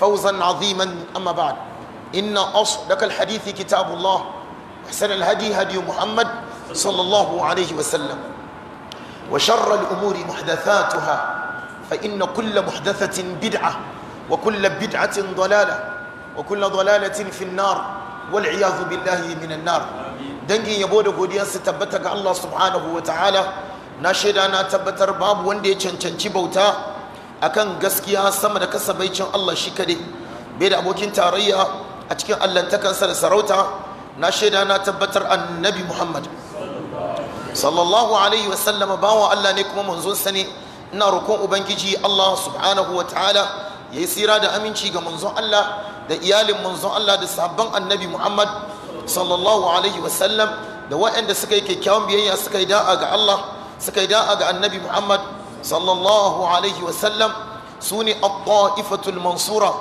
فوزا عظيما أما بعد إن أصدق الحديث كتاب الله أحسن الهدي هدي محمد صلى الله عليه وسلم وشر الأمور محدثاتها فإن كل محدثة بدعة وكل بدعة ضلالة وكل ضلالة في النار والعياذ بالله من النار dangin yabo da godiya su tabbata ga Allah subhanahu wa ta'ala na shaida na tabbatar babu wanda ya cancanci bauta akan gaskiya sama da kasabaicin Allah shi kadai bai da abokin tarayya a cikin allantakansa da sarauta na shaida na tabbatar annabi Muhammad sallallahu alaihi wasallama bawa Allah ne kuma manzonsa ne ina roƙon ubangiji Allah subhanahu wa ta'ala ya yi tsira da aminci ga manzon Allah da iyalin manzon Allah da sabon annabi Muhammad sallallahu alaihi wasallam da waɗanda suka yi kyakkyawan biyayya suka yi da'a ga Allah suka yi da'a ga annabi Muhammad sallallahu alaihi wasallam su ne al-ta'ifatul mansura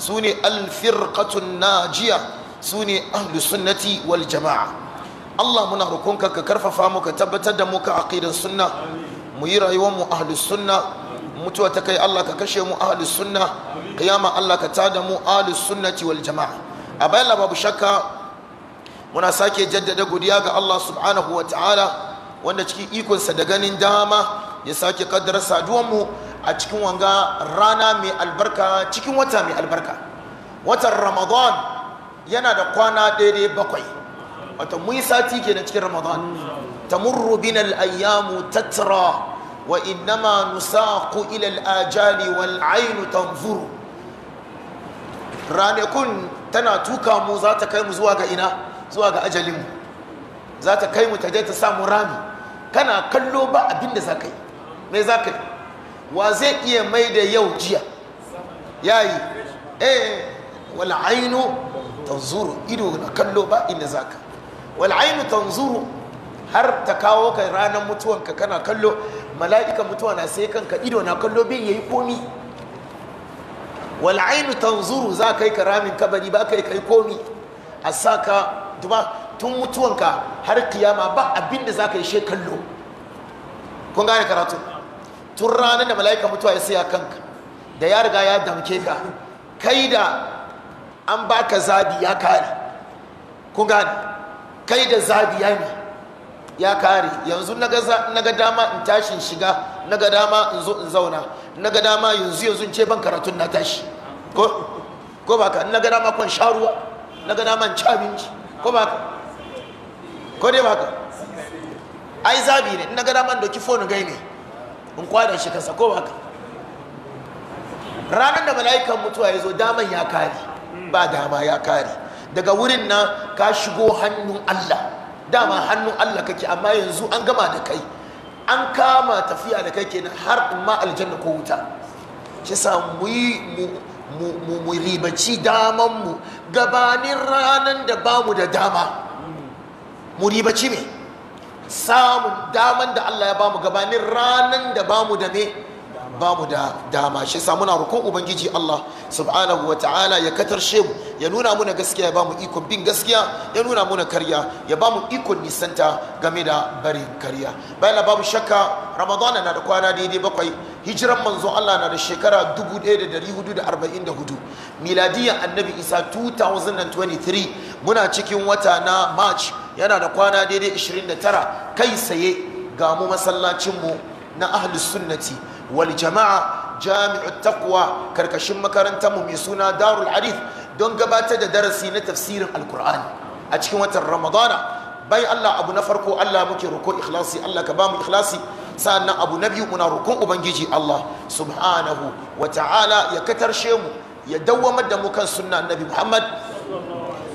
su ne al-firqatun najiya su ne ahlus sunnati Allah muna rukunka ka karfafa mu ka tabbatar da mu ka aqidan sunna mu yi rayuwar mu ahlus sunna mutuwa ta kai Allah ka kashe mu ahlus sunna kiyama Allah ka tada mu ahlus sunnati wal jama'a a bayan babu shakka muna sake jaddada godiya ga Allah subhanahu wa ta'ala wanda cikin ikonsa da ganin dama ya sake kaddara mu a cikin wanga rana mai albarka cikin wata mai albarka watan ramadan yana da kwana daidai bakwai wata mun sati ke na cikin ramadan tamurru bin al'ayyamu tattara wa innama ku ilal ajali wal ainu tanzuru ranakun tana tuka mu za ta kai mu zuwa ga ina zuwa ga ajalinmu za ta kai mu ta je ta samu rami kana kallo ba abinda da za ka yi me za ka wa zai iya mai da yau jiya ya yi eh wala ainu tanzuru ido na kallo ba inda za ka wala ainu tanzuru har ta kawo ka ranar mutuwanka kana kallo mala'ika mutuwa na sai kanka ido na kallo bin yayi komi wal ainu tanzuru za ka yi karamin kabari ba ka kai komi a sa ka duba tun mutuwanka har kiyama ba abinda za ka yi shekallo kun gane karatu tun ranar da mala'ika mutuwa ya saya kanka da ya riga ya damke ka kai da an baka zabi ya kare kun gane kai da zabi ya ne ya kare yanzu na ga dama in tashin shiga na ga dama in zo in zauna na ga dama yanzu yanzu in ce ban karatun na tashi ko ba ka na ga dama kwan sha ruwa na ga dama in ci abinci ko ba ka ko dai ba ka ai zabi ne na ga dama doki fonu gai ne in kwanan shi ka ko haka ranar da mala'ikan mutuwa ya zo daman ya kare ba dama ya kare daga wurin na ka shigo hannun Allah dama hannun Allah kake amma yanzu an gama da kai an kama tafiya da kai kenan har in ma aljanna ko wuta shi sa mu yi mu ribaci damanmu gabanin ranar da bamu da dama mu ribaci me samun daman da Allah ya bamu gabanin ranan da bamu da me bamu da dama shi sa muna roƙon ubangiji Allah subhanahu wa ta'ala ya katarshe mu ya nuna muna gaskiya ya bamu ikon bin gaskiya ya nuna muna karya ya bamu ikon nisanta game da barin karya bayan babu shakka ramadana na da kwana daidai bakwai hijiran manzo Allah na da shekara 1444 miladiyan annabi isa 2023 muna cikin wata na march yana da kwana daidai 29 kai saye ga mu masallacinmu na ahli sunnati wal jama'a jami'u taqwa karkashin makarantar mu mai suna darul Arif don gabatar da darasi na tafsirin alkur'ani a cikin watan ramadana bai Allah abu na farko Allah muke roko ikhlasi Allah ka bamu ikhlasi sannan abu na biyu muna roƙon ubangiji Allah subhanahu wa ta'ala ya katarshe mu ya dawwamar da mu kan sunna annabi Muhammad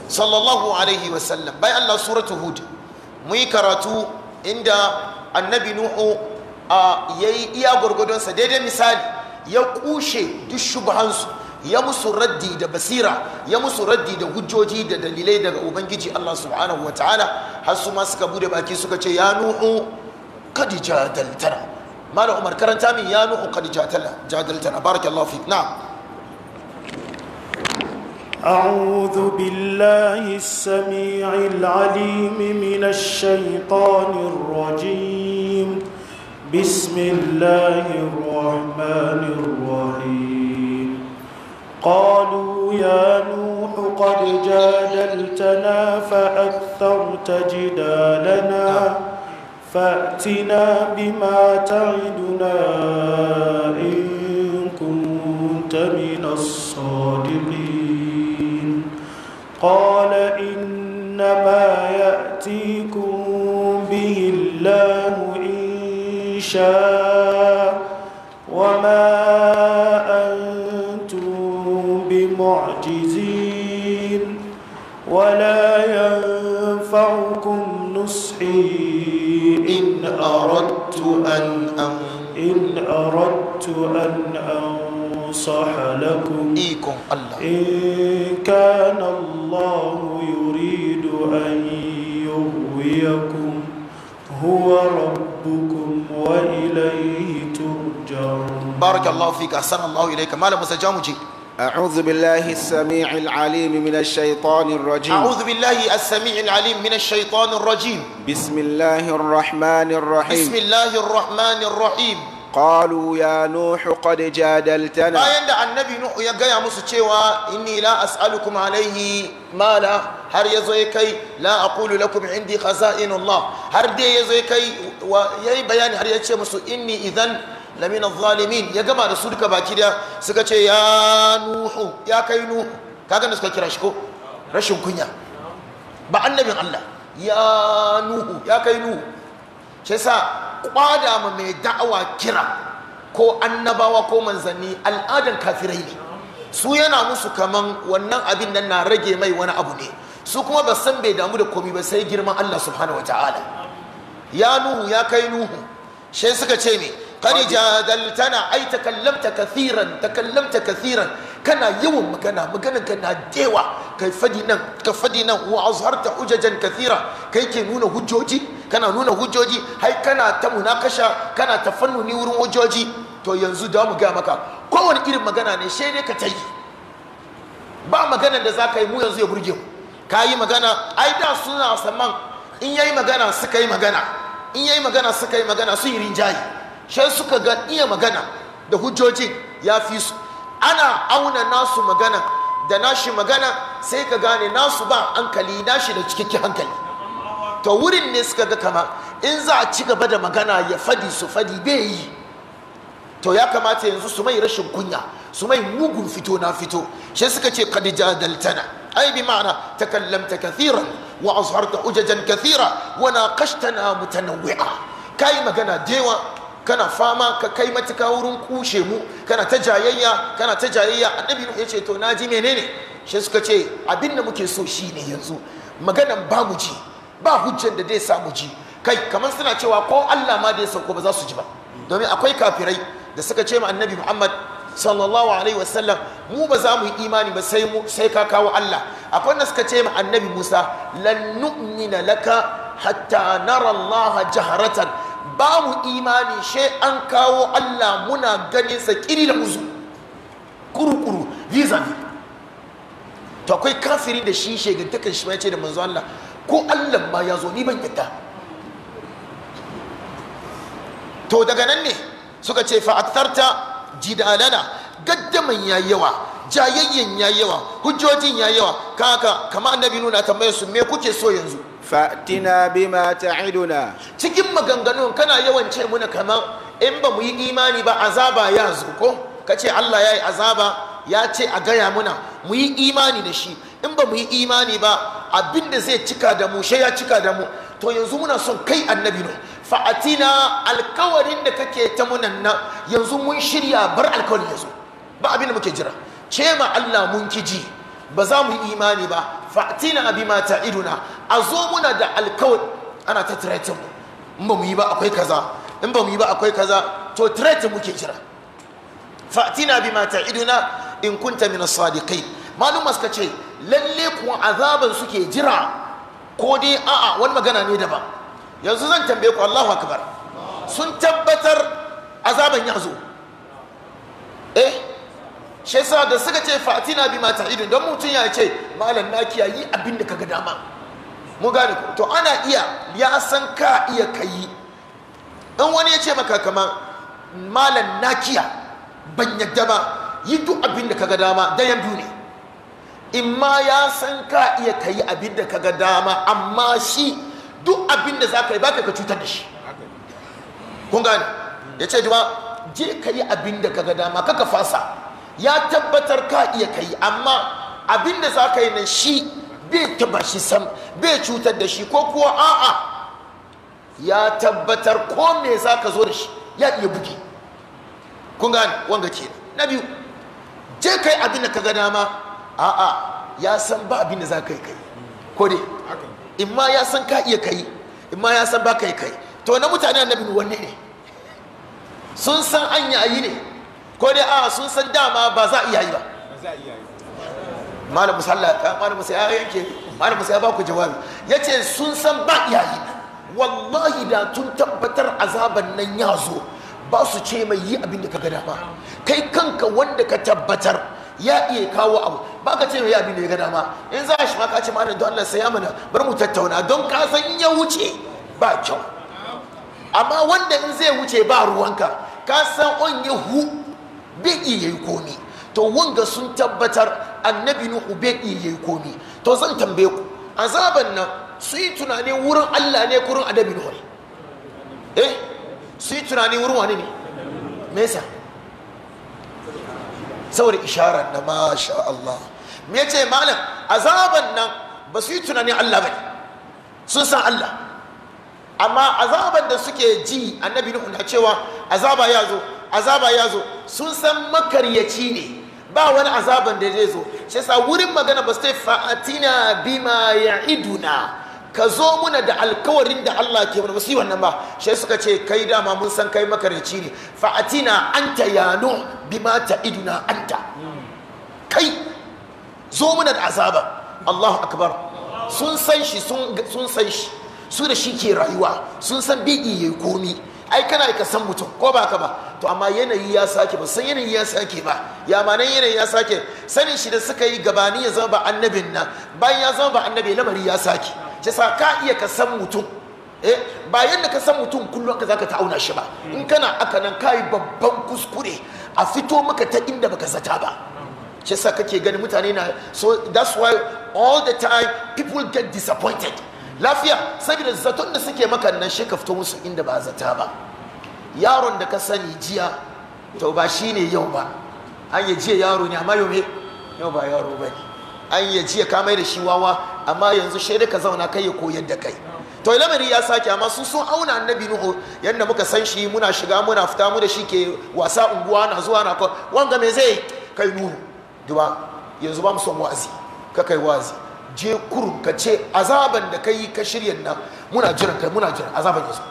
sallallahu alaihi wasallam bai Allah suratu hud mu yi karatu inda annabi nuhu ya yi iya gwargwadonsa daidai misali ya kushe duk shubhansu ya musu raddi da basira ya musu raddi da hujjoji da dalilai daga ubangiji Allah subhanahu wa ta'ala har su ma suka bude baki suka ce ya nuhu kadi jadaltana malam umar karanta min ya nuhu kadi jadaltana barakallahu fi na'am أعوذ بالله السميع العليم من الشيطان الرجيم بسم الله الرحمن الرحيم قالوا يا نوح قد جادلتنا فأكثرت جدالنا فأتنا بما تعدنا إن كنت من الصادقين قال إنما يأتيكم به الله إن شاء وما أنتم بمعجزين ولا ينفعكم نصحي إن أردت أن أم إن أردت أن أم أنصح لكم إن كان الله يريد أن يغويكم هو ربكم وإليه ترجعون بارك الله فيك أحسن الله إليك ما لم سجامجي أعوذ بالله السميع العليم من الشيطان الرجيم أعوذ بالله السميع العليم من الشيطان الرجيم بسم الله الرحمن الرحيم بسم الله الرحمن الرحيم قالوا يا نوح قد جادلتنا bayan da annabi nuhu ya gaya musu cewa inni la as'alukum alaihi mala har yazo ya kai la aqulu lakum indi Allah, har dai yazo ya kai yayi bayani har ya ce musu inni idan lamin adh-dhalimin ya gama da su duka baki da suka ce ya nuhu ya kai kaga suka kira shi ko rashin kunya ba annabin Allah ya ya kai kwada ma mai da'awa kira ko annabawa ko manzanni al'adan kafirai ne su yana musu kaman wannan abin nan na rage mai wani abu ne su kuma ba san bai damu da komi ba sai girman Allah subhanahu ya nuhu ya kai nuhu sai suka ce me qad jadaltana ay takallamta kathiran takallamta kathiran kana yawan magana maganan ka na dewa kai fadi nan ka fadi nan wa azharta hujajan kathira kai ke nuna hujjoji kana nuna hujjoji hai kana ta munakasha kana ta fannuni wurin hujjoji to yanzu da mu ga maka kowane irin magana ne sai dai ka ta yi ba maganan da za ka yi mu yanzu ya burge mu ka yi magana ai da suna saman in yayi magana suka yi magana in yayi magana suka yi magana sun yi rinjaye sai suka ga iya magana da hujjoji ya fi su ana auna nasu magana da nashi magana sai ka gane nasu ba hankali nashi da cikakken hankali to wurin ne suka ga kama in za a ci gaba da magana ya fadi su fadi bai yi to ya kamata yanzu su mai rashin kunya su mai mugun fito na fito shi suka ce kadi jadaltana ai bi ma'ana takallamta kathiran wa azharta ujajan kathira wa naqashtana mutanawwi'a kai magana dewa kana fama ka kai matuka wurin kushe mu kana ta jayayya kana ta jayayya annabi ya ce to naji menene shi suka ce abin da muke so shi ne yanzu maganan ba mu ji ba hujjan da zai mu ji kai kamar suna cewa ko Allah ma da ya sauko ba za su ji ba domin akwai kafirai da suka ce ma annabi Muhammad sallallahu alaihi wasallam mu ba za mu yi imani ba sai mu sai ka kawo Allah akwai da suka ce ma annabi Musa lan nu'mina laka hatta nara Allah jaharatan ba mu imani shi an kawo Allah muna ganin sa kiri da uzu kurukuru vis-a-vis to akwai kafiri da shi shegantakan shi ma ya ce da manzo Allah ko Allah ma ya zo ni ban yadda to daga nan ne suka ce fa'atharta jidalana gaddaman ya yawa jayayyen ya yawa hujjojin ya yawa kaka kama annabi nuna tambayar su me kuke so yanzu fa'tina bima ta'iduna cikin maganganun kana yawan ce muna kamar in ba mu yi imani ba azaba ya zo ko ce Allah ya yi azaba ya ce a gaya muna mu yi imani da shi in ba mu yi imani ba abin da zai cika da mu ya cika da mu to yanzu muna son kai annabi no fa'atina alkawarin da kake ta munan nan yanzu mun shirya bar alkawarin yanzu. ba abin da muke jira ce ma Allah mun ki ji ba za mu yi imani ba fa'tina abi ma ta'iduna a zo muna da alkawar ana ta threatin mu in ba mu yi ba akwai kaza in ba mu yi ba akwai kaza to threatin muke jira fa'tina bi ma ta'iduna in kunta min as-sadiqin malum suka ce lalle kuwa azaban suke jira ko dai a'a wani magana ne daban yanzu zan tambaye ku Allahu akbar sun tabbatar azaban ya zo eh shi yasa da suka ce fatina bi ma ta'idun don mutum ya ce malam na yi abin da kaga dama mu gane ku to ana iya ya san ka iya kayi in wani ya ce maka kama malam na kiya ban yadda ba yi duk abin da kaga dama dayan biyu ne in ma ya san ka iya kayi abin da kaga dama amma shi duk abin da za ka yi baka ka cutar da shi kun gane ya ce je ka yi abin da kaga dama kaka fasa ya tabbatar ka iya kai amma abinda za ka yi nan shi bai taba shi sam bai cutar da shi ko kuwa a'a ya tabbatar ko me za ka zo da shi ya iya buge kun gane wanga ke na biyu je kai abin da ka gana ma. a'a ya san ba abin da za ka yi kai ko dai in ma ya san ka iya kai in ma ya san ba ka yi kai to na mutane annabi wanne ne sun san an yayi ne ko dai a sun san dama ba za a iya yi ba malamu sallaka sai ya yanke malamu sai ya baku jawabi ya ce sun san ba iya yi wallahi da tun tabbatar azaban nan ya zo ba su ce mai yi abin da ka gada ba kai kanka wanda ka tabbatar ya iya kawo abu ba ka ce mai abin da ya gada ma in za a shi ma ka ce malam don Allah sai ya mana bar mu tattauna don ka san in ya wuce ba kyau amma wanda in zai wuce ba ruwanka ka san on ya hu bai iya yi komi to wanga sun tabbatar annabi nuhu bai iya yi komi to zan tambaye ku azaban nan su yi tunanin wurin Allah ne wurin annabi nuhu ne eh su yi tunanin wurin wani ne me yasa saboda isharar da masha Allah me ce malam azaban nan ba su yi tunanin Allah ba sun san Allah amma azaban da suke ji annabi nuhu na cewa azaba ya zo azaba ya zo sun san makaryaci ne ba wani azaban da zai zo shi sa wurin magana ba sai fa'atina bima iduna. ka zo muna da alkawarin da Allah ke mana yi wannan ba shi suka ce kai dama mun san kai makaryaci ne fa'atina anta yano bima ta an anta kai zo muna da azaba Allahu akbar sun san shi sun san shi su da shi ke rayuwa sun san bigi yayi komi ai kana ka san mutum ko ba ka ba to amma yanayi ya sake ba san yanayi ya sake ba ya ma nan yanayi ya sake sanin shi da suka yi gabani ya zama ba annabin nan bayan ya zama ba annabi lamari ya sake shi sa ka iya ka san mutum eh ba yanda ka san mutum kullum ka zaka ta auna shi ba in kana aka nan kai babban kuskure a fito maka ta inda baka zata ba shi sa kake gani mutane na so that's why all the time people get disappointed lafiya saboda zaton da suke maka nan shi ka fito musu inda ba zata ba yaron da ka sani jiya to ba shine yau ba an yi jiya yaro ne amma yau me yau ba yaro ba ne an yi jiya ka mai da shi wawa amma yanzu shaida ka zauna kai ya koyar da kai to lamari ya sake amma su sun auna annabi nuhu yadda muka san shi muna shiga muna fita mu da shi ke wasa unguwa na zuwa na wanga me zai kai nuhu duba yanzu ba mu son wazi ka kai wazi je kurun ka ce azaban da ka yi ka shirya nan muna jiran kai muna jiran azaban yasu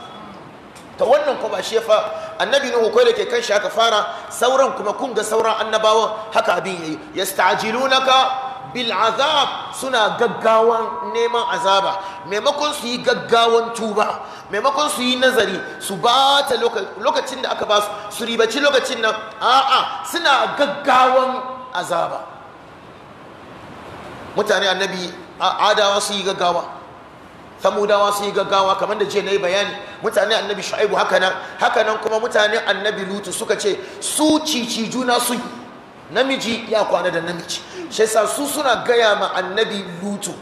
ta wannan ko ba shefa ya fa annabi nuhu kai da ke kan shi aka fara sauran kuma kun ga sauran annabawan haka abin yayi yasta'jilunaka bil azab suna gaggawan neman azaba maimakon su yi gaggawan tuba maimakon su yi nazari su ba ta lokacin da aka ba su su ribaci lokacin nan a'a suna gaggawan azaba mutane annabi adawa su yi gaggawa samudawa su yi gaggawa kamar da jiya na yi bayani mutane annabi shaibu hakanan hakanan kuma mutane annabi lutu suka ce su cici juna su namiji ya kwana da namiji shi sa su suna gaya ma annabi lutu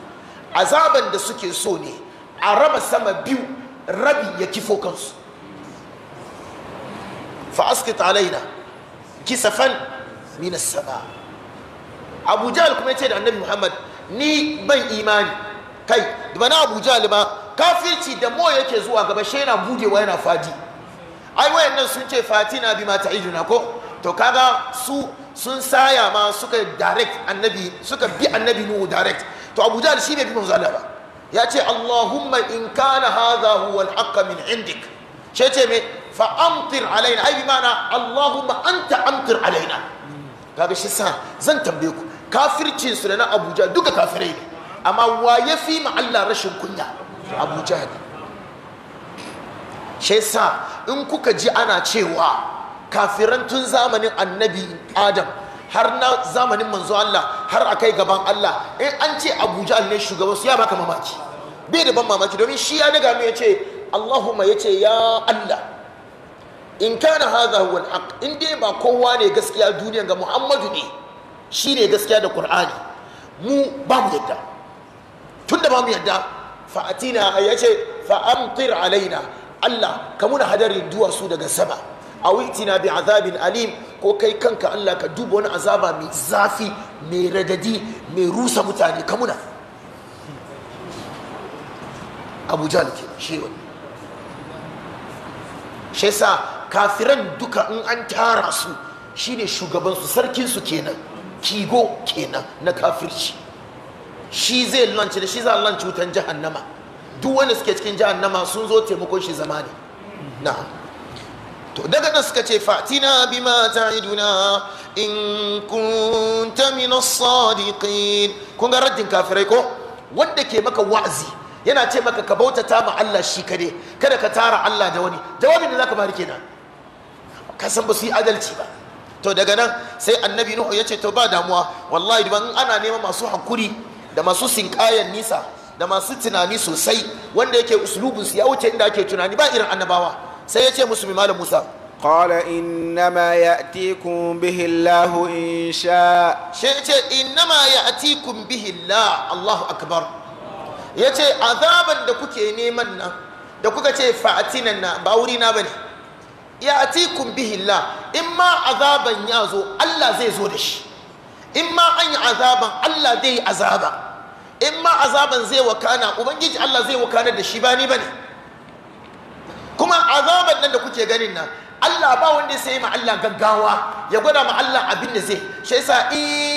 azaban da suke so ne a raba sama biyu rabi ya kifo kansu fa askit alaina kisafan minas sama' abu jahal kuma ya ce da annabi muhammad ni ban imani kai da bana abu jahal ba kafirci da mo yake zuwa gaba shi yana bugewa yana fadi ai wayannan sun ce fatina bi mata ijuna ko to kaga su sun saya ma suka direct annabi suka bi annabi nuhu direct to abu jahal shi ne bi manzo Allah ba ya ce allahumma in kana hadha huwa al min indik shi ce me fa amtir alaina ai bi mana allahumma anta amtir alaina kaga shi sa zan tambaye ku kafircin su da na abuja duka kafirai ne amma wa fi ma Allah rashin kunya abuja ne shi sa in kuka ji ana cewa kafiran tun zamanin annabi adam har na zamanin manzo Allah har a kai gaban Allah in an ce abuja ne shugaban su ya baka mamaki bai da ban mamaki domin shi ya daga ya ce Allahumma ya ce ya Allah in kana hadha huwa al in dai ba kowa ne gaskiya duniya ga Muhammadu ne shi ne gaskiya da ƙur'ani mu ba mu yadda tun da ba mu yadda fa'atina ya ce fa'amtir alaina Allah ka muna hadarin duwatsu daga sama a witina bi azabin alim ko kai kanka Allah ka duba wani azaba mai zafi mai radadi mai rusa mutane ka muna abuja ke shewa shi sa kafiran duka in an tara su shine shugabansu sarkinsu kenan kigo kenan na kafirci shi zai lanci da shi za lanci wutan jahannama duk wanda suke cikin jahannama sun zo taimakon shi zama ne na to daga nan suka ce fatina bima iduna in kunta min as-sadiqin kun ga raddin kafirai ko wanda ke maka wa'azi yana ce maka ka bautata ma Allah shi kade kada ka tara Allah da wani jawabin da zaka bari kenan ka san ba su yi adalci ba to daga nan sai annabi nuhu ya ce to ba damuwa wallahi in ana neman masu hakuri da masu sinkayan nisa da masu tunani sosai wanda yake su ya wuce inda ake tunani ba irin annabawa sai ya ce musu malam musa قال إنما يأتيكم به الله ya شاء شئت إنما يأتيكم به الله الله أكبر yace azaban da kuke neman nan da kuka ce fa'atinan na ba wuri na bane ya bihin la in ma azaban ya zo Allah zai zo da shi in ma an yi azaban Allah zai yi azaba in ma azaban zai wakana ubangiji Allah zai wakana da shi ba ni ne kuma azaban nan da kuke ganin nan Allah ba wanda sai ma Allah gaggawa ya gwada ma Allah abin da zai shi yasa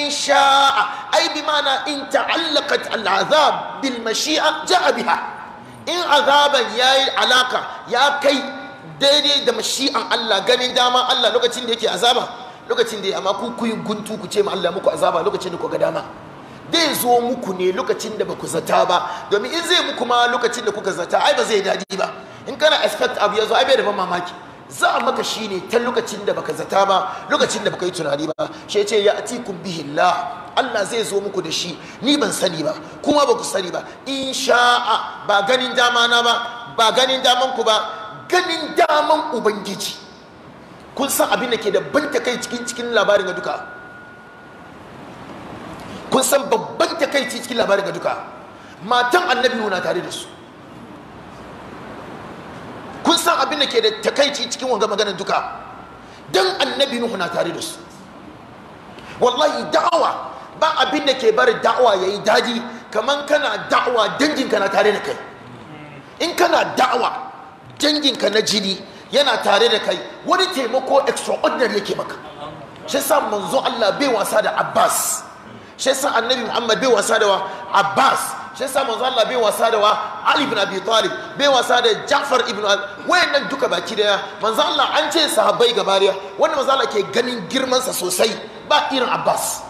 sha'a ai bi mana in ta'allaqat al'azab bil mashi'a ja'a biha in azaban yayi alaka ya kai daidai da mashi'an Allah ganin dama Allah lokacin da yake azaba lokacin da amma ku ku guntu ku ce ma Allah muku azaba lokacin da ku ga dama zai zo muku ne lokacin da baku zata ba domin in zai muku ma lokacin da kuka zata ai ba zai dadi ba in kana expect abu ya zo ai bai da mamaki za a maka shi ne ta lokacin da baka zata ba lokacin da baka yi tunani ba shi ce ya ati kun bihillah Allah zai zo muku da shi ni ban sani ba kuma baku sani ba in sha'a ba ganin dama na ba ba ganin daman ku ba ganin daman ubangiji kun san abin da ke da ban takai cikin cikin labarin ga duka kun san babban kai cikin labarin ga duka matan annabi na tare da su kun san abin da ke da takaici cikin wanga maganar duka dan annabi nuhu na tare da su wallahi da'awa ba abin da ke bari da'awa yayi daji kaman kana da'awa danginka na tare da kai in kana da'awa danginka na jini yana tare da kai wani taimako extraordinary yake maka shi sa manzo Allah bai wasa da Abbas shi sa annabi Muhammad bai wasa da wa Abbas shi sa manzo Allah bai wasa da wa Ali ibn Abi Talib bai wasa da Ja'far ibn wayannan duka baki daya manzo Allah an ce sahabbai gabariya wanda manzo Allah ke ganin girman sa sosai ba irin Abbas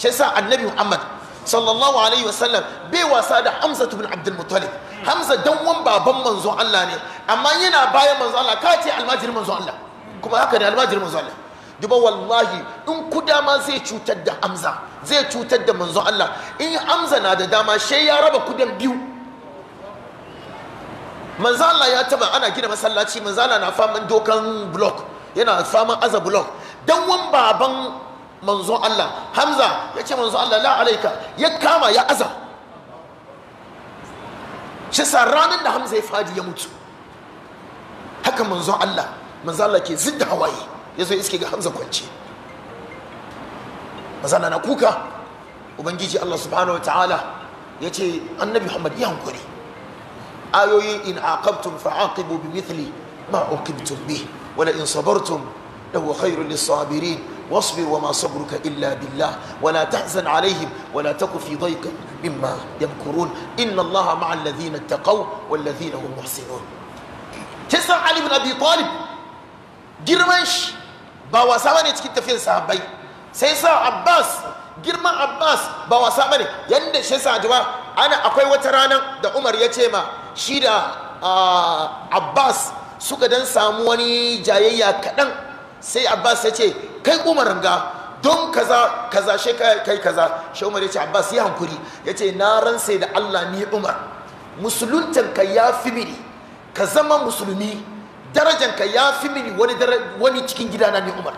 shi sa annabi Muhammad sallallahu alaihi wasallam bai wasa da hamza bin abdul muttalib hamza danwan baban manzon Allah ne amma yana bayan manzon Allah ka ce almajirin manzon Allah kuma haka ne almajirin manzon Allah duba wallahi in ku dama zai cutar da hamza zai cutar da manzon Allah in hamza na da dama she ya raba kudan biyu manzon Allah ya taba ana gina masallaci manzon Allah na faman dokan block yana faman aza block danwan baban manzo Allah Hamza ya ce manzon Allah la alaika ya kama ya aza shi sa ranar da Hamza ya fadi ya mutu haka manzo Allah manzo Allah ke zidda hawaye ya zo iske ga Hamza kwance mazana na kuka ubangiji Allah subhanahu wa ta'ala ya ce annabi Muhammad ya hankuri ayoyi in aqabtum fa'aqibu bi mithli ma uqibtum bi wala in sabartum lahu khairul lis واصبر وما صبرك إلا بالله ولا تحزن عليهم ولا تك في ضيق مما يمكرون إن الله مع الذين اتقوا والذين هم محسنون تسمع علي بن أبي طالب جرمش باوا سامني تكي تفير صحابي سيسا عباس girman abbas ba wasa bane yadda shi sa jima ana akwai wata rana da umar ya ce ma shi da abbas suka dan samu wani jayayya kaɗan sai abbas ya ce kai umarin ga don kaza kaza shi kai kaza shi umar ya ce abbas ya hankuri ya ce na ransa da allah ni umar musuluntanka ya fi mini ka zama musulmi darajanka ya fi mini wani, wani cikin gidana ni umar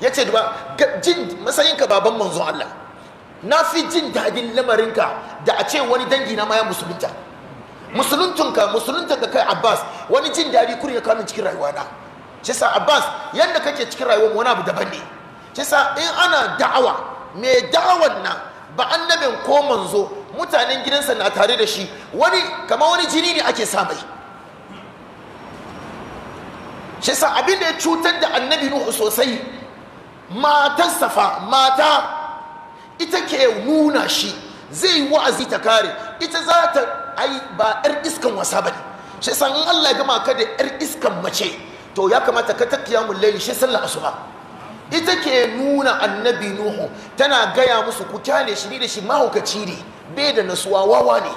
ya ce ba jin matsayinka baban manzon allah na fi jin daɗin lamarinka da a ce wani dangi na ma ya musulunta musuluntunka musuluntanka kai abbas wani jin daɗi kurin ya kawo cikin rayuwa na cisa abbas yadda kake cikin rayuwar wani abu daban ne cisa in ana da'awa mai da'awar nan ba annabin ko manzo mutanen gidansa na tare da shi wani kamar wani jini ne ake samai. Shisa abinda abin da ya cutar da annabi nuhu sosai matan safa mata ita ke nuna shi zai yi wa'azi ta kare ita za ta ai ba 'yar iskan wasa ba ne Shisa in allah gama ka da 'yar iskan mace to ya kamata ka ta kiyamul layli shi sallar asuba ita ke nuna annabi nuhu tana gaya musu ku tale shi ni da shi mahaukaci ne bai da nasuwa wawa ne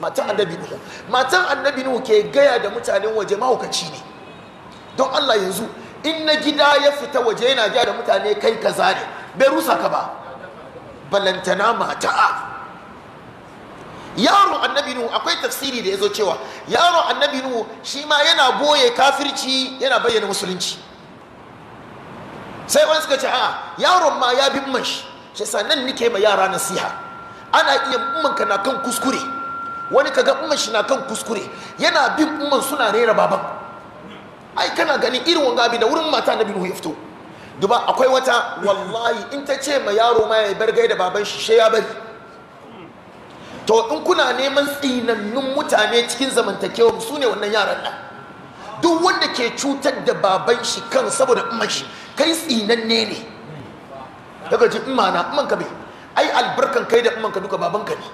matan annabi nuhu matan annabi nuhu ke gaya da mutanen waje mahaukaci ne don Allah yanzu in na gida ya fita waje yana gaya da mutane kai kaza ne bai rusa ka ba balantana mata'a yaro annabi nuhu akwai tafsiri da ya zo cewa yaro annabi nuhu shi ma yana boye kafirci yana bayyana musulunci sai wani suka ce a yaron ma ya bin man shi shi nan nike ma yara nasiha ana iya ummanka na kan kuskure wani kaga umman shi na kan kuskure yana bin umman suna rera baban ai kana ganin irin wanga bi da wurin mata annabi nuhu ya fito duba akwai wata wallahi in ta ce ma yaro ma ya bar gaida baban shi sai ya bari to in kuna neman tsinannun mutane cikin zamantakewa su ne wannan yaran nan duk wanda ke cutar da baban shi kan saboda umman shi kai tsinanne ne daga ji umma na umman ka ai albarkan kai da umar ka duka baban ka ne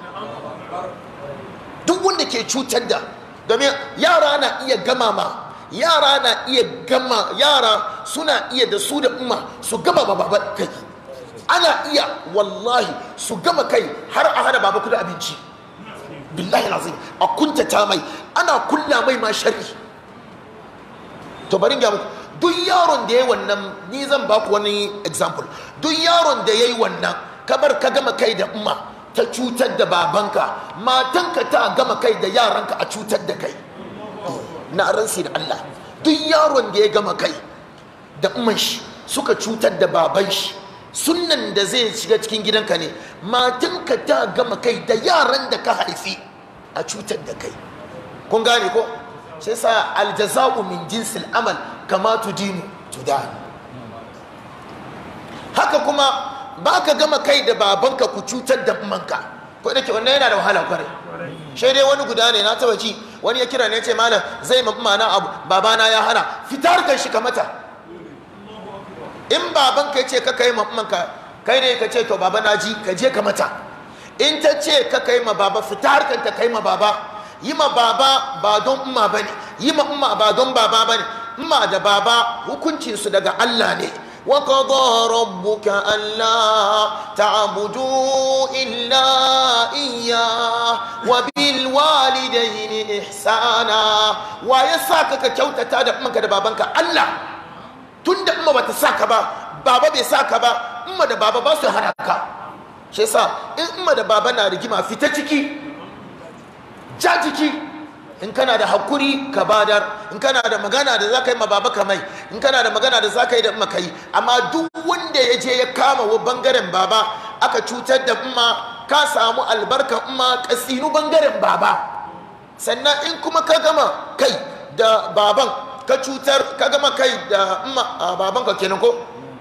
duk wanda ke cutar da domin yara na iya gama ma yara na iya gama yara suna iya da su da umar su gama ba baban kai ana iya wallahi su gama kai har a hada baba kudin abinci billahi lazim a kuntata mai ana kunna mai ma shari to bari ga muku duk yaron da yayi wannan ni zan ba ku wani example duk yaron da yayi wannan kabar ka gama kai da umma ta cutar da babanka matanka ta gama kai da yaranka a cutar da kai eh, na ransi da Allah duk yaron da ya gama kai da umman shi suka cutar da baban shi sunnan da zai shiga cikin gidanka ne matanka ta gama kai da yaran da ka haifi a cutar da kai kun gane ko sai sa aljaza'u min jinsil amal kama tu da haka kuma ba ka gama kai da babanka ku cutar da manka ko da ke wannan yana da wahala kwarai shai dai wani guda ne na taba ji wani ya kira ne ya ce malam zai mafi mana abu babana ya hana fitar kan shi ka mata in baban ka ce ka kai mamman ka kai ne ka ce to baba na ji ka je ka mata in ta ce ka kai ma baba fita harkar ta kai ma baba yi ma baba ba don umma ba ne yi ma umma ba don baba ba ne umma da baba hukuncin su daga Allah ne Wa illa وقضى ربك ألا تعبدوا إلا إياه وبالوالدين إحسانا ويساكك كوتا تادب منك دبابنك Allah. Tun tunda umma bata saka ba baba bai saka ba umma da baba ba su hana ka shi yasa in umma da baba na rigima fita ciki ja jiki in kana da hakuri ka badar in kana da magana da zaka yi ma baba ka mai in kana da magana da zaka yi da umma kai amma duk wanda ya je ya kama wa bangaren baba aka cutar da umma ka samu albarka umma kasinu bangaren baba sannan in kuma ka gama kai da baban ka cutar ka gama kai da babanka kenan ko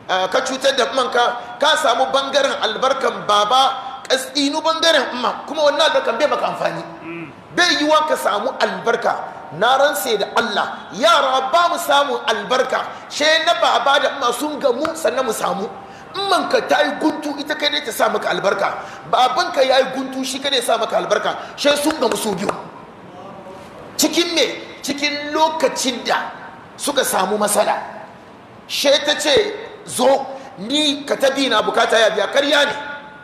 ka cutar da manka ka samu bangaren albarkan baba kasinu bangaren umma kuma wannan albarkan bai maka amfani bai yiwa ka samu albarka na ranse da Allah yara ba mu samu albarka she na baba da umma sun gamu sannan mu samu manka ta yi guntu ita kai ne ta sa maka albarka babanka ya yi guntu shi kai ne sa maka albarka she sun gamu su biyu cikin me cikin lokacin da suka samu matsala she ta ce zo ni ka bi na bukata ya biya karya ne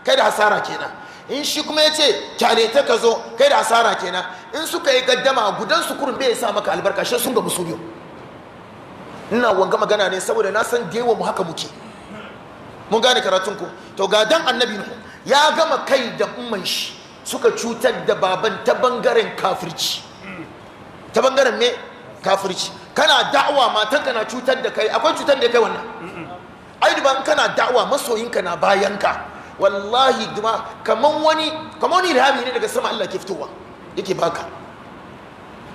kai da hasara kenan in shi kuma ya ce kyale ta ka zo kai da hasara kenan in suka yi gaddama gudan su kurin bai sa maka albarka shi sun ga musu biyu ina wanga magana ne saboda na san da mu haka muke mun gane karatun ku to ga dan annabi nuhu ya gama kai da umman shi suka cutar da baban ta bangaren kafirci ta bangaren me kafirci kana da'awa matanka na cutar da kai akwai cutar da kai wannan ai duba kana da'awa masoyinka na bayanka wallahi duma kaman wani kaman wani rahami ne daga sama Allah ke fitowa yake baka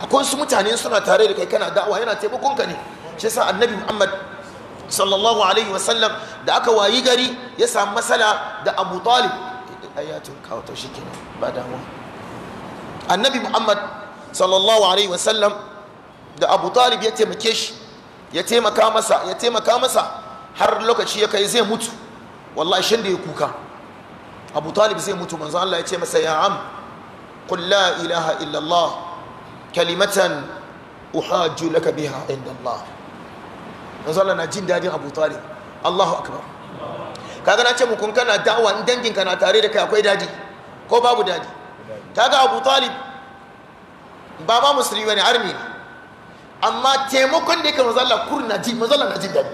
akwai su mutane suna tare da kai kana da'awa yana taimakon ka ne shi yasa annabi Muhammad sallallahu alaihi wasallam da aka wayi gari ya samu masala da Abu Talib ayatun kawo shi kenan ba damuwa annabi Muhammad sallallahu alaihi wasallam da abu talib ya taimake shi ya taimaka masa ya taimaka masa har lokaci ya kai zai mutu wallahi shan da ya kuka abu talib zai mutu manzo Allah ya ce masa ya am qul la ilaha illallah kalimatan uhaju laka biha inda Allah manzo Allah na jin dadin abu talib Allahu akbar kaga na ce mu kun kana dawa in dangin kana tare da kai akwai dadi ko babu dadi kaga abu talib Baba musulmi bane armi ne amma taimakon da yake mazala kur na ji mazala na jin daɗi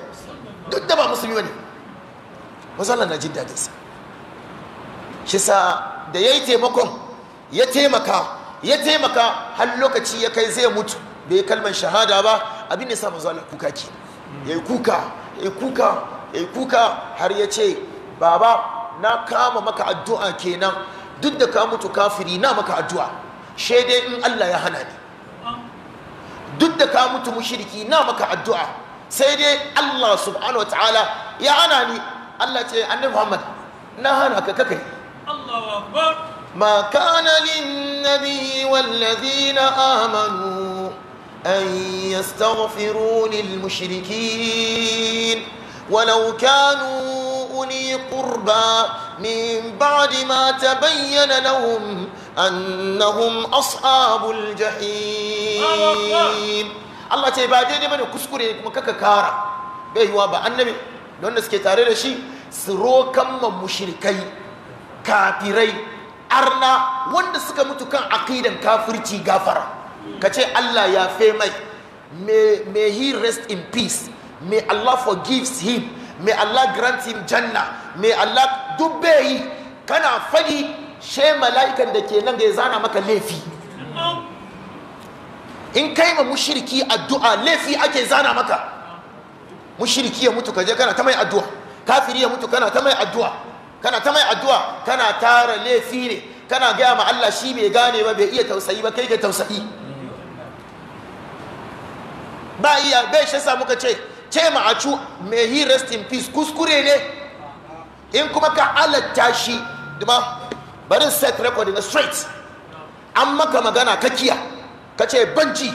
duk da ba musulmi bane mazala na jin daɗin sa shi sa da yi taimakon ya taimaka ya taimaka har lokaci ya kai zai mutu bai kalmar shahada ba abin da sa mazala kuka ke yi kuka yi kuka yi kuka har ya ce baba na kama maka addu'a kenan duk da ka mutu kafiri na maka addu'a shaidai in Allah ya hana ni duk da ka mutu mushriki na maka addu'a sai dai Allah subhanahu wataala ya hana ni Allah ce annabi Muhammad na hana ka kakai Allahu akbar ma kana lin nabi wal ladina amanu an yastaghfiru lil mushrikin ولو كانوا أولي قربى من بعد ما تبين لهم أنهم أصحاب الجحيم Allah ce ba daidai bane kuskure kuma kaka kara bai yiwa ba annabi don suke tare da shi su rokan ma mushrikai kafirai arna wanda suka mutu kan aqidan kafirci gafara kace Allah yafe mai may he rest in peace may Allah forgives him may Allah grant him janna may Allah dubbe yi kana fadi she mala'ikan da ke nan da ya zana maka laifi in kai ma mushriki addu'a laifi ake zana maka mushriki ya mutu kaje kana ta mai addu'a kafiri ya mutu kana ta mai addu'a kana ta mai addu'a kana tara laifi ne kana gaya ma Allah shi bai gane ba bai iya tausayi ba kai ka tausayi ba iya bai shi sa muka ce ce ma a cu may he rest in peace kuskure ne in kuma ka alatta shi duma barin set record na straight an maka magana ka kiya ka ce banji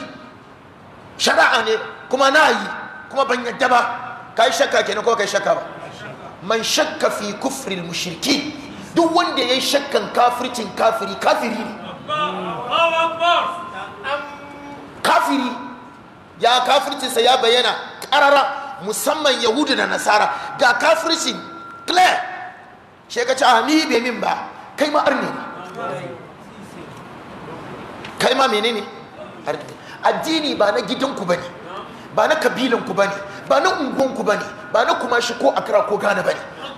shari'a ne kuma na yi kuma ban yadda ba ka yi shakka kenan ko ka yi shakka ba man shakka fi kufril mushirki duk wanda ya yi shakkan kafircin kafiri kafiri ne kafiri ya kafircinsa ya bayyana ƙarara, musamman yahudu da nasara ga kafircin clear shi ka ci ah, bai min ba kai ma arne ne kai ma menene arne addini ba na gidanku ba ne, ba na kabilanku ba ne, ba na unguwanku ne, ba na kumashi ko akra ko gane ne.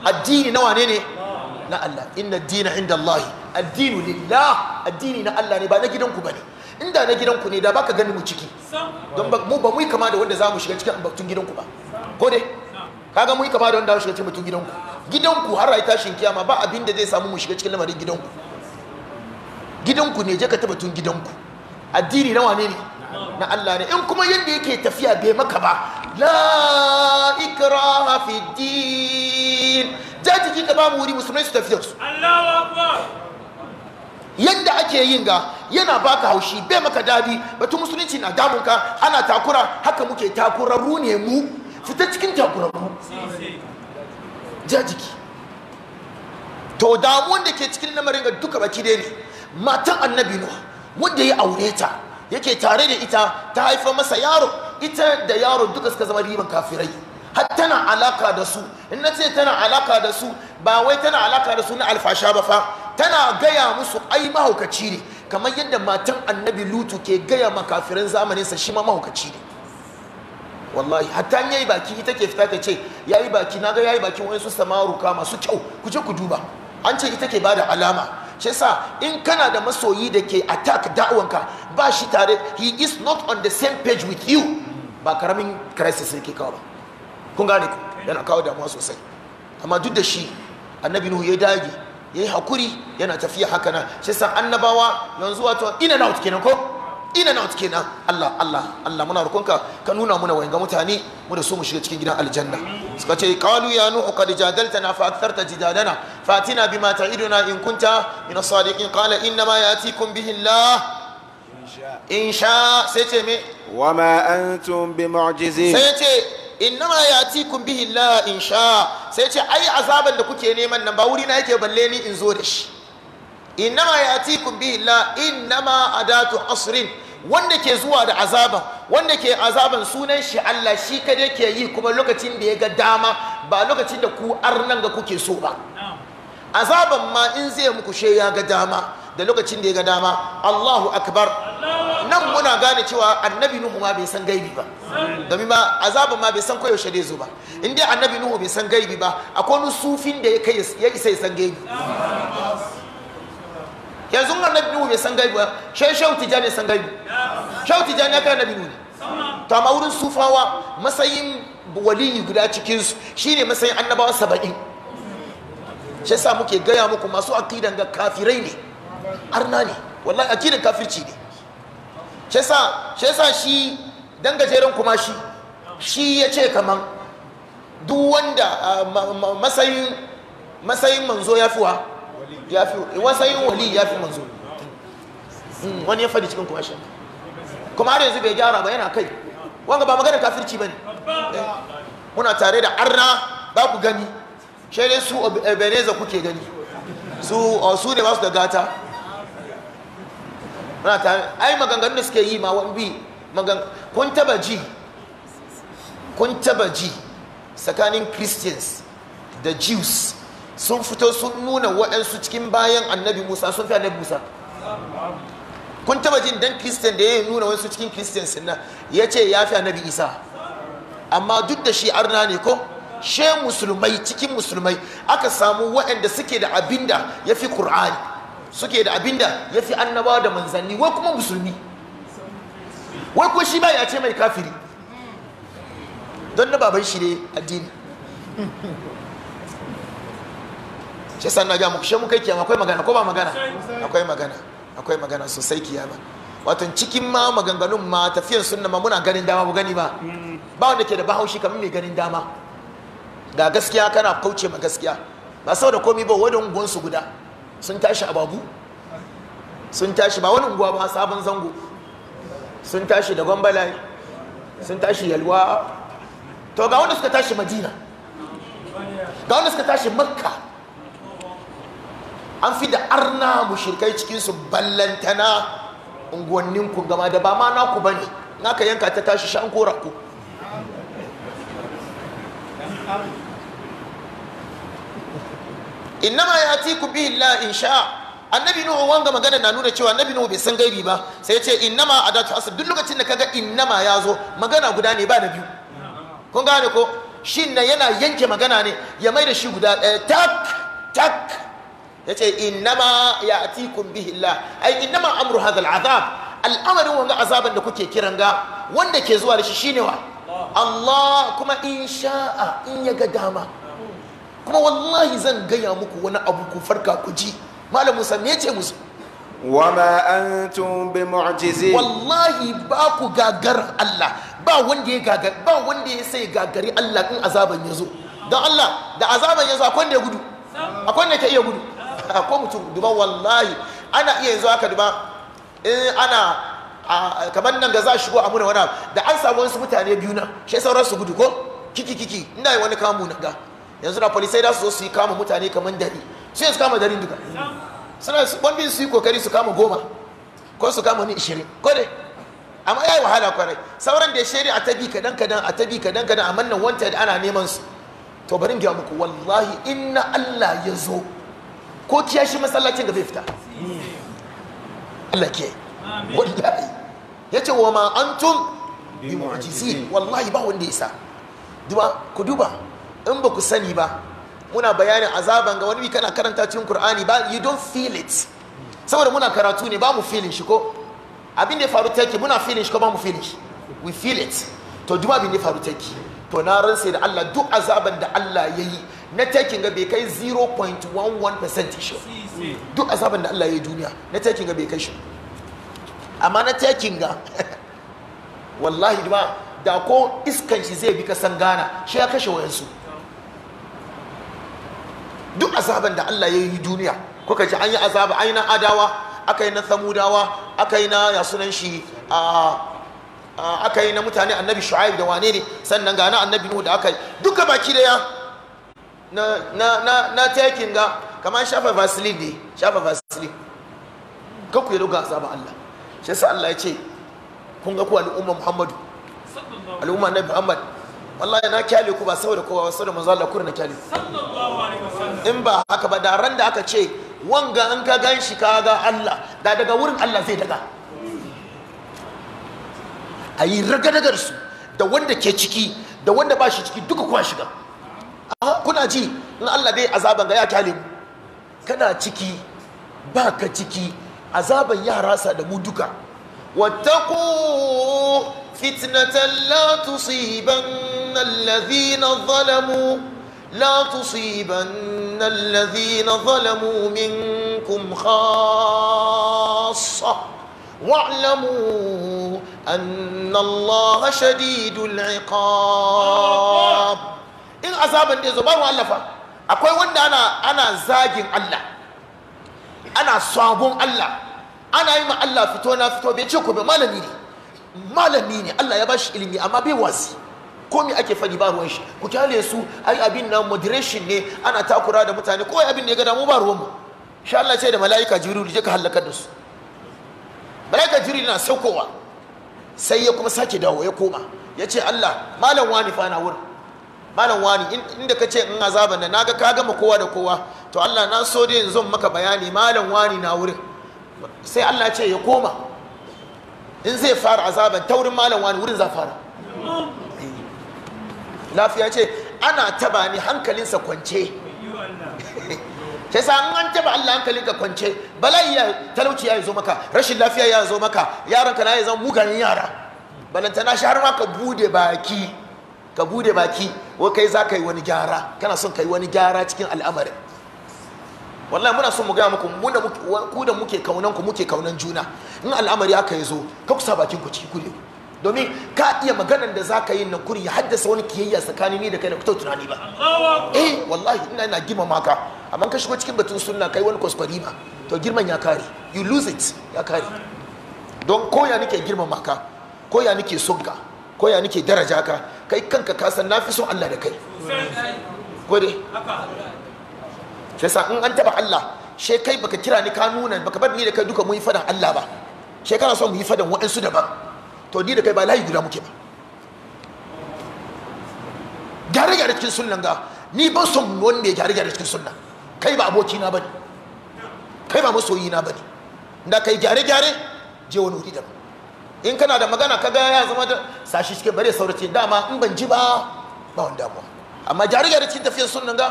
addini na wane ne na Allah inna dina inda Allah addinu lillah addini na Allah ne ba na gidanku ba ne. inda na gidanku ne da baka gani mu ciki don mu ba mu yi kama da wanda za shiga cikin batun gidanku ba ko dai kaga mu kama da wanda za shiga cikin batun gidanku gidanku har rayu tashin kiyama ba abin da zai samu mu shiga cikin lamarin gidanku gidanku ne je ka taba tun gidanku addini na wane ne na Allah ne in kuma yadda yake tafiya bai maka ba la ikraha fi din jaji ka ba mu wuri musulmai su tafiya su Allahu akbar yadda ake yin ga yana baka haushi bai maka dadi batun musulunci na damunka ana takura haka muke takurarru ne mu fita cikin takurarru ja jiki to damuwan da ke cikin lamarin ga duka baki dai ne matan annabi nuwa wanda ya aure ta yake tare da ita ta haifa masa yaro ita da yaro duka suka zama riban kafirai har tana alaka da su in na ce tana alaka da su ba wai tana alaka da su na alfasha ba fa tana gaya musu ai mahaukaci ne kamar yadda matan annabi lutu ke gaya makafirin sa shi ma mahaukaci ne wallahi hatta in yayi baki ita ke fita ta ce yayi baki na naga yayi baki wani su samaruka masu kyau ku je ku duba an ce ita ke bada alama shi sa in kana da masoyi da ke attack da'awanka ba shi tare he is not on the same page with you ba karamin crisis ne ke kawo ba kun gane ku yana kawo damuwa sosai amma duk da shi annabi nuhu ya dage ya yi hakuri yana tafiya haka na shi san annabawa yanzu wato in and out kenan ko in and out kenan Allah Allah Allah muna rukunka ka nuna muna wayanga mutane mu da su mu shiga cikin gidan aljanna suka ce qalu ya nuhu qad jadaltana fa aktharta jidalana fatina bima ta'iduna in kunta min as-sadiqin qala inna ma yatikum bihi Allah in insha sai ce me wama antum bi sai ce ya ti kun bihi la in sha sai ce ai azaban da kuke neman nan ba wuri na yake balle ni in zo da shi ya ti kun bihi la ma adatu asrin wanda ke zuwa da azaban wanda ke azaban sunan shi Allah shi kadai ke yi kuma lokacin da ya ga dama ba lokacin da ku arnan ga kuke so ba azaban ma in zai muku she ya ga dama da lokacin da ya ga dama Allahu akbar nan muna gane cewa annabi nuhu ma bai san gaibi ba domin ma azaba ma bai san koyo shade zo ba in dai annabi nuhu bai san gaibi ba akwai wani sufin da ya isa ya san gaibi yanzu annabi nuhu bai san gaibi ba shai shau tijani san gaibi shau tijani ya kai annabi nuhu to amma wurin sufawa masayin waliyi guda cikinsu shine masayin annabawa saba'in shi sa muke gaya muku masu aqidan ga kafirai ne arna ne wallahi akidar kafirci ne shi sa shi dan gajeren kuma shi shi ya ce kaman duk wanda matsayin matsayin manzo ya fi wa ya fi matsayin wali ya fi manzo hmm, wani ya faɗi cikin shi kuma har yanzu bai gyara ba yana kai wanga ba magana kafirci ba ne muna tare da arna ba ku gani shaidai su ebeneza kuke gani su ne ba su da gata muna tare ai maganganun da suke yi ma wani bi maganganu. kun taba ji kun taba ji tsakanin christians da jews sun fito sun nuna waɗansu cikin bayan annabi musa sun fi annabi musa kun taba jin dan christian da ya nuna wasu cikin christians na ya ce ya fi annabi isa amma duk da shi arna ne ko she musulmai cikin musulmai aka samu waɗanda suke da abinda ya fi ƙur'ani suke da abinda ya fi annabawa da manzanni wai kuma musulmi wai ko shi ba ya ce mai kafiri don na baban shi ne addini shi sannan ga mukushe shi muka kiyama akwai magana ko ba magana akwai magana akwai magana sosai kiyama Watan cikin ma maganganun ma tafiyan sunna ma muna ganin dama mu gani ba ba wanda ke da bahaushi kamar mai ganin dama ga gaskiya kana kauce ma gaskiya ba sau da komi ba wadon gunsu guda sun tashi a babu sun tashi ba wani unguwa ba sabon zango sun tashi da gwambalai sun tashi yalwa to ga wanda suka tashi madina ga wanda suka tashi makka an fi da arna shirkai cikinsu ballantana unguwanninku gama da ba ma naku ba ne naka yanka ta tashi sha'an ko innama ku bihi la sha annabi nuhu wanga magana na nuna cewa annabi nuhu bai san gaibi ba sai ya ce innama datu asr duk lokacin da kaga innama ya zo magana guda ne ba na biyu kun gane ko shin na yana yanke magana ne ya mai da shi guda ɗaya tak tak ya ce innama ya atikun bihillah ai innama amru hadha al'azab al'amarin wanga azaban da kuke kiran ga wanda ke zuwa da shi shine wa Allah kuma in sha'a in ya ga dama kuma wallahi zan gaya muku wani abu ku farka ku ji malam musa me ce musu wama antum bi mu'jizin wallahi ba ku gagar Allah ba wanda ya gagar ba wanda ya sai gagari Allah in azaban ya zo dan Allah da azaban ya zo akwai da ya gudu akwai ne ka iya gudu akwai mutum duba wallahi ana iya yanzu haka duba in ana kamar nan da za a shigo a muna wani da an samu wasu mutane biyu na shi sauran su gudu ko kiki kiki ina yi wani kamu na ga yanzu na polisai da su zo su yi kama mutane kamar dari sai su kama darin duka suna wani su yi kokari su kama goma ko su kama ni ishirin ko dai amma ya yi wahala kwarai sauran da ya shaidi a tabi kadan kadan a tabi kadan kadan a manna wanta da ana neman su to bari gya muku wallahi inna Allah ya zo ko kiya shi masallacin da bai fita Allah ke wallahi ya ce wa ma antum bi mu'jizi wallahi ba wanda ya sa duba ku duba in ba ku sani ba muna bayanin azaban ga wani bi kana karanta cikin Qur'ani ba you don't feel it saboda muna karatu ne ba mu feel shi ko abin da ya faru take muna feel shi ko ba mu feel shi we feel it to duba abin da ya faru take to na ransa da Allah duk azaban da Allah ya yi na taking ga bai kai 0.11% shi duk azaban da Allah ya yi duniya na taking ga bai kai shi amma na taking ga wallahi da ko iskan shi zai bi kasan gana shi ya kashe wayansu duk azaban da Allah ya yi duniya kuka ji an yi azaba an yi na adawa aka yi na samudawa aka yi na yasunan shi a aka yi na mutane annabi shu'aib da wane ne sannan ga na annabi nuhu da aka yi duka baki da na na na na taking ga kamar shafa vaseline ne shafa vaseline ka ku yaro ga azaba Allah shi yasa Allah ya ce kun ga ku al'umma Muhammadu al'umma annabi Muhammad wallahi na kyale ku ba saboda kowa saboda manzo Allah kurna kyale sallallahu alaihi wasallam in ba haka ba da ran da aka ce wanga in ka gan shi ka ga Allah da daga wurin Allah zai daga a yi ragadagar su da wanda ke ciki da wanda ba shi ciki duka kuwa shiga kuna ji in Allah zai azaban ga ya kyale kana ciki ba ka ciki azaban ya harasa da mu duka wattaku fitnatan la tusiban alladhina zalamu لا تصيبن الذين ظلموا منكم خاصة واعلموا أن الله شديد العقاب إن أصابن دي زبان وألفا أكوي وند أنا أنا زاجن الله أنا صابون الله أنا إما الله فتونا فتو بيتشوكو بمالني مالني الله يباش إلمي أما بيوازي Komi ake faɗi ba ruwan shi ku kyale su ai abin na moderation ne ana takura da mutane ko abin da ya ga damu ba ruwan mu insha Allah sai da malaika jibril je ka halaka da su malaika jibril na saukowa sai ya kuma sake dawo ya koma ya ce Allah malam wani fa na wurin malam wani inda ka ce in azaban na naga ka gama kowa da kowa to Allah na so dai yanzu maka bayani malam wani na wurin sai Allah ce ya koma in zai fara azaban taurin malam wani wurin za fara lafiya ce ana taba ni hankalinsa kwance sai sa an an taba Allah hankalinka kwance bala'i ya talauci ya zo maka rashin lafiya ya zo maka yaranka na ya zama mugayen yara balantana shi har ma ka bude baki ka bude baki wai kai za ka yi wani gyara kana son ka yi wani gyara cikin al'amarin wallahi muna son mu gaya muku mu da ku da muke kaunan ku muke kaunan juna in al'amari aka yi zo ka kusa bakin ku ciki kure domin ka iya maganar da za ka yi na kuri ya haddasa wani kiyayya tsakanin ni da kai da kuta tunani ba eh wallahi ina ina gima maka amma ka shigo cikin batun sunna kai wani kwaskwari ba to girman ya kare you lose it ya kare don koya nake girma maka koya nake son ka koya nake daraja ka kai kanka ka san nafi son Allah da kai gode sai in an taba Allah shekai baka kira ni ka nuna baka bar ni da kai duka mun yi fadan Allah ba shekara son mu yi fadan waɗansu daban to ni da kai ba layi guda muke ba gyare gyare cikin sunan ga ni ban son wanda ya gyare gyare cikin sunan kai ba aboki na bane kai ba masoyi na bane da kai gyare gyare je wani wuri daban in kana da magana kaga ya zama da sashi cikin bare saurace dama in ban ji ba ba wani damuwa amma gyare gyare cikin tafiyar sunan ga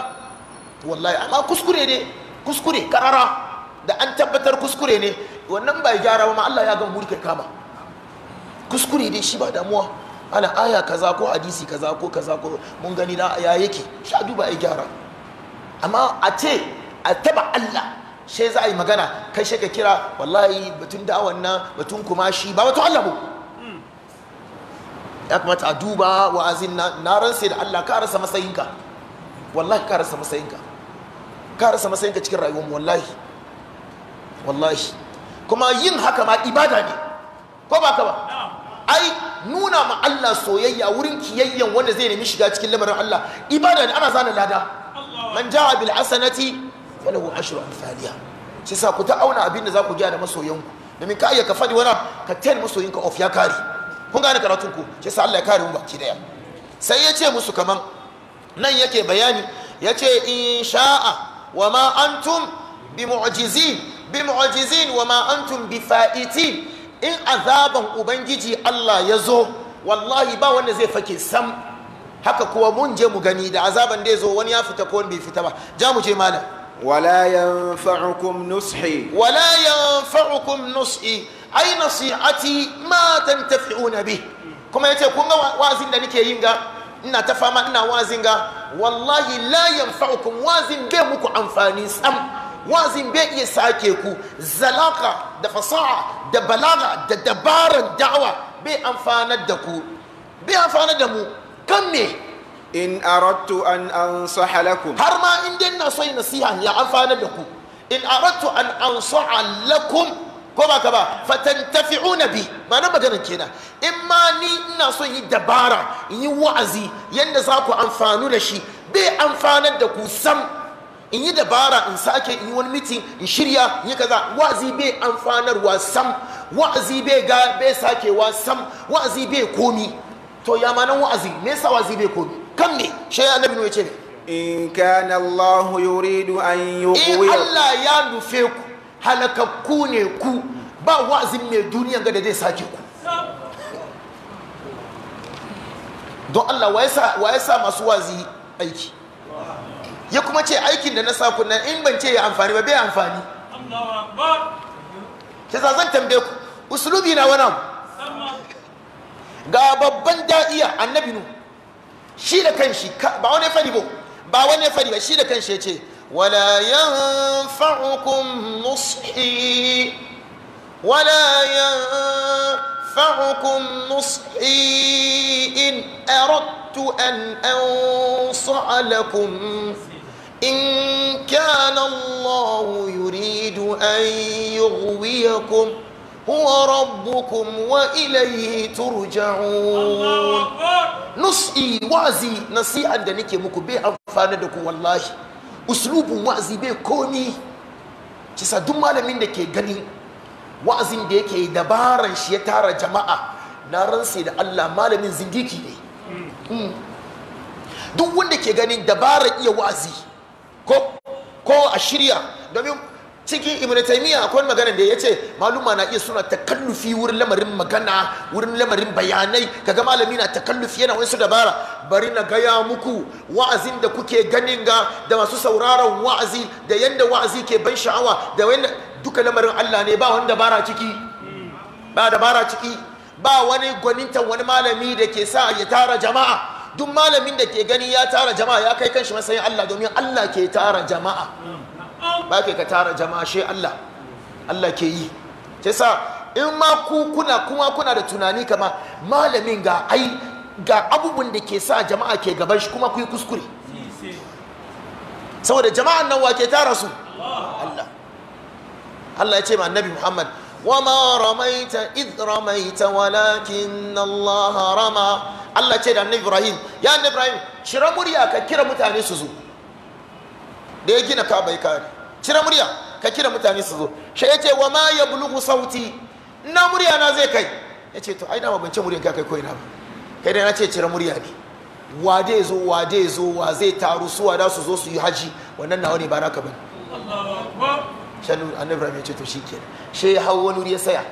wallahi amma kuskure ne kuskure karara da an tabbatar kuskure ne wannan bai gyara ba ma Allah ya gan guri kai kama kuskure dai shi ba damuwa ana aya kaza ko hadisi kaza ko kaza ko mun gani na ya yake sha duba ai gyara amma a ce a taba Allah sai za a yi magana kai sai ka kira wallahi batun da'awan nan batun kuma shi ba batun Allah ba ya kamata a duba wa'azin na na ransa da Allah ka rasa matsayinka wallahi ka rasa matsayinka ka rasa matsayinka cikin rayuwar wallahi wallahi kuma yin haka ma ibada ne ko ba ka ba ai nuna ma Allah soyayya wurin kiyayyen wanda zai nemi shiga cikin lamarin Allah ibada ne ana zana lada man ja'a bil hasanati falahu ashru amthaliha sai sa ku ta auna abin da za ku gya da masoyanku domin ka iya fadi wani ka ten masoyinka of ya kare kun gane karatun ku sai sa Allah ya kare mu baki daya sai ya ce musu kaman nan yake bayani ya ce in sha'a wa ma antum bi mu'jizin bi mu'jizin wa ma antum bi fa'itin in azaban ubangiji Allah ya zo wallahi ba wanda zai fake sam haka kuwa mun je mu gani da azaban da ya zo wani ya fita ko bai fita ba ja mu je malam wala yanfa'ukum nushi wala yanfa'ukum nushi ai nasi'ati ma tantafi'una bi kuma yace kun ga wazin da nake yin ga ina ta fama ina wazin ga wallahi la yanfa'ukum wazin bai muku amfani sam wazin bai iya sake ku zalaka da fasaha da balaga da dabaran da'awa bai amfanar da ku bai amfanar da mu kan me in arattu an ansaha lakum har ma in dai na so nasiha ya amfanar da ku in arattu an ansaha lakum ko ba ka ba fatantafi'una bi ma'anar maganar kenan in ma ni ina so yi dabara in yi wa'azi yadda za ku amfanu da shi bai amfanar da ku sam in yi dabara in sake in yi wani mitin in shirya in yi kaza wa'azi bai amfanarwa sam wa'azi bai ga bai wa sam wa'azi bai komi to ya manan wa'azi me yasa wa'azi bai komi kan me shay annabi ne yace in kana Allah yuridu an yuqwi Allah ya nufe ku halakakku ne ku ba wa'azin mai duniya ga da zai sake ku don Allah wa yasa masu wa'azi aiki ya kuma ce aikin da na sa ku in ban ce ya amfani ba bai amfani ke za zan tambaye ku usulubi na wani ga babban da'iya annabi nu shi da kanshi ba wani fari ba ba wani fari ba shi da kanshi ya ce wala yanfa'ukum nushi wala yanfa'ukum nushi in aradtu an ansa'a lakum In kanan Allah yuri idu an yi wuyagun kuwa Rabbu wa ila yi turjan on. Nus iya da nake muku be amfani da ku wallahi, musulunci wu'azi bai komi ni. Kisa duk malamin da ke gani wu'azin da yake dabaran shi ya tara jama'a na ran si da Allah malamin zinki ne. Duk wanda ke ganin dabarar iya wu'azi. ko a shirya domin cikin ibn taymiya akwai magana da ya ce maluma na iya suna takallufi wurin lamarin magana wurin lamarin bayanai Ka ga malami na takallufi yana wani su dabara bari na gaya muku wa'azin da kuke ganin ga da masu sauraron wa'azi da yadda wa'azi ke ban sha'awa da wani duka lamarin Allah ne ba wani dabara ciki ba dabara ciki ba wani gwaninta wani malami da ke sa ya tara jama'a duk malamin da ke gani ya tara jama'a ya kai kanshi matsayin Allah domin Allah ke tara jama'a ba ke ka tara jama'a shi Allah Allah ke yi sa in ma ku kuna kuma kuna da tunani kama malamin ga ai ga abubuwan da ke sa jama'a ke gaban shi kuma ku yi kuskure saboda jama'an nan wa ke tara su Allah Allah ya ce ma annabi Muhammad wama ramaita id ramaita walakin Allah rama Allah ce da annabi Ibrahim ya annabi Ibrahim cira murya ka kira mutane su zo da ya gina ka bai kare cira murya ka kira mutane su zo shi yace wama yablughu sauti na murya na zai kai yace to ai dama ban ce muryan ka kai ko ina ba kai dai na ce cira murya ne wa dai zo wa dai zo wa zai taru su wa da su zo su yi haji wannan nawa ne ba naka bane Allahu akbar shanu annabi ya ce to shi ke she ya hau wani ya saya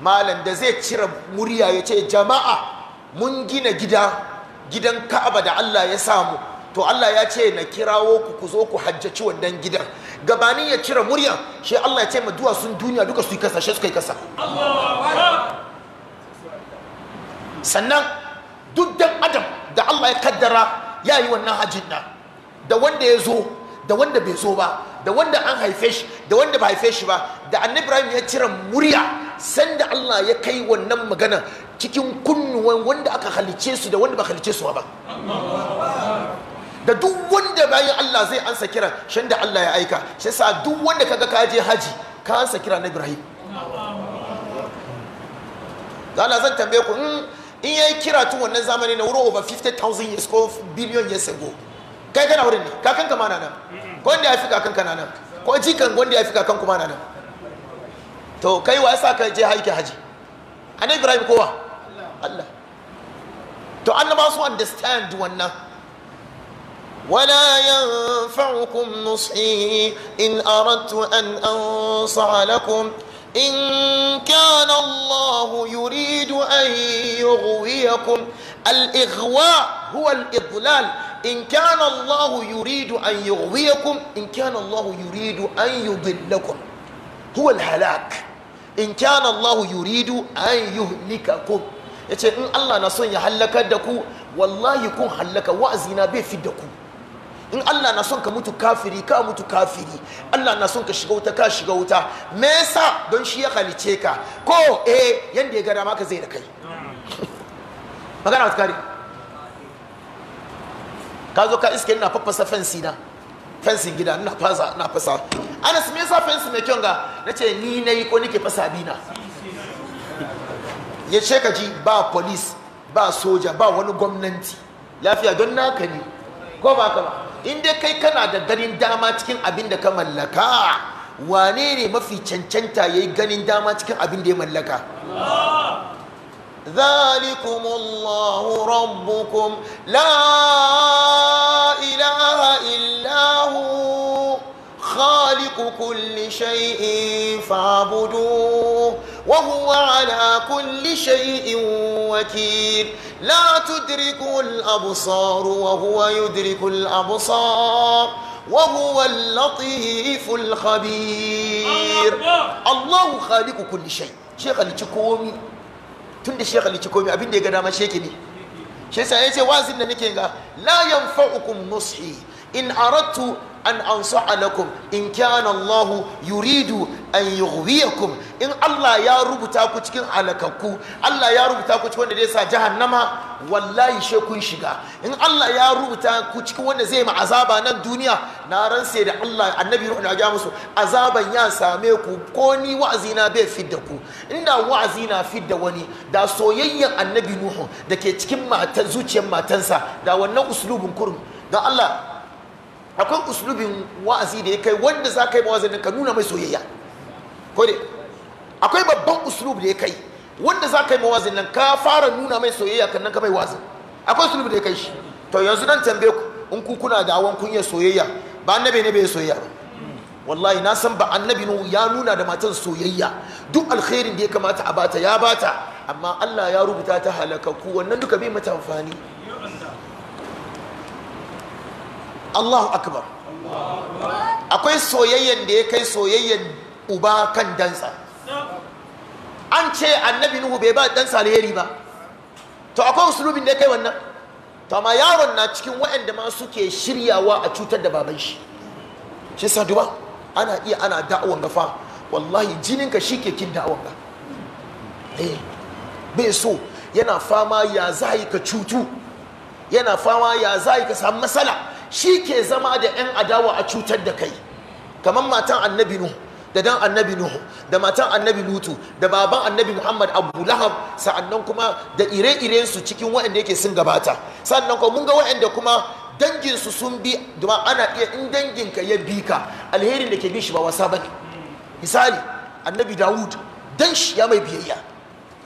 malam da zai cire murya ya ce jama'a mun gina gida gidan ka'aba da allah ya samu to allah ya ce na kirawo ku ku zo ku hajjaci wannan gidan gabanin ya cire murya she allah ya ce ma sun duniya duka su yi kasa she suka yi kasa sannan duk dan adam da allah ya kaddara ya yi wannan hajjin da wanda ya zo da wanda bai zo ba da wanda an haife shi da wanda ba haife shi ba da annabi ibrahim ya cire murya sanda allah ya kai wannan magana cikin kunnuwan wanda aka halice su da wanda ba halice su ba da duk wanda bayan allah zai ansa kira shan da allah ya aika shi sa duk wanda kaga ka je haji ka ansa kira na ibrahim Allah zan tambaye ku in yayi kira tun wannan zamani na wuro over 50,000 years ko billion years ago kai kana wurin ne kakan kama na nan gwanda ya fi kakan kana nan ko jikan gwanda ya fi kakan kuma na nan to kai wa yasa ka je haike haji annabi ibrahim kowa allah to ba su understand wannan ولا ينفعكم نصحي إن أردت أن أنصح لكم إن كان الله يريد أن يغويكم الإغواء هو الإضلال in kana Allahu yuridu an yughwiyakum in kana Allahu yuridu an yudhillakum huwa al-halak in kana Allahu yuridu an yuhlikakum yace in Allah na son ya halakar da ku wallahi kun halaka wa'azina bai fi da ku in Allah na son ka mutu kafiri ka mutu kafiri Allah na son ka shiga wuta ka shiga wuta me yasa don shi ya halice ka ko eh yanda ya ga dama ka zai da kai hmm. magana wata kare ka zo ka iske ina fafasa fensi na fensi gida ina fasa ina fasa su me yasa fensi mai kyan ga ce ni nayi ko nike fasa bina ya ce ka ji ba police ba soja ba wani gwamnati lafiya don naka ne ko ba ka ba in dai kai kana da ganin dama cikin abin da ka mallaka wane ne mafi cancanta ya yi ganin dama cikin abin da ya mallaka ذلكم الله ربكم لا إله إلا هو خالق كل شيء فاعبدوه وهو على كل شيء وكيل لا تدرك الأبصار وهو يدرك الأبصار وهو اللطيف الخبير الله خالق كل شيء شيخ اللي tun da shekali ci komi abin da ya ga dama sheki ne shi sa ya ce wazin da nake ga la yanfa'ukum nushi in aratu an ansu alakum in kyan Allah yuridu an yughwiyakum in Allah ya rubuta ku cikin alakakku Allah ya rubuta ku cikin wanda zai sa jahannama wallahi she kun shiga in Allah ya rubuta ku cikin wanda zai ma azaba nan duniya na ran sai da Allah annabi ruhu ya musu azaban ya same ku ko ni wa'azi na bai fidda ku inda wa'azi na fidda wani da soyayyen annabi nuhu da ke cikin matan zuciyar matansa da wannan uslubin kurum da Allah akwai uslubin wa'azi da ya kai wanda za ka yi wa'azin ka nuna mai soyayya ko ne akwai babban uslub da ya kai wanda za ka yi mawazin nan ka fara nuna mai soyayya kan nan ka mai wazin akwai uslub da ya kai shi to yanzu nan tambaye ku in ku kuna da awon kunya soyayya ba annabi ne bai soyayya ba wallahi na san ba annabi nu ya nuna da matan soyayya duk alkhairin da ya kamata a bata ya bata amma Allah ya rubuta ta halakaku wannan duka bai mata amfani Allahu akbar akwai soyayyen da ya kai soyayyen uba kan dansa an ce annabi nuhu bai ba dansa da alheri ba to akwai usulubin da ya kai wannan to amma yaron na cikin waɗanda ma suke shiryawa a cutar da baban shi shi sa duba ana iya ana da'awan gafa wallahi jininka shi ke kin da'awan ga eh, bai so yana fama ya zai ka cutu yana fama ya zai ka samu matsala shi ke zama da 'yan adawa a cutar da kai kamar matan annabi nuhu da dan annabi nuhu da matan annabi lutu da baban annabi muhammad abu lahab sa'annan kuma da ire-iren su cikin waɗanda yake sun gabata Sannan kuma mun ga waɗanda kuma danginsu sun bi domin ana iya in dangin ka ya bi ka alherin da ke bin shi ba wasa ne. misali annabi dawud dan shi ya mai biyayya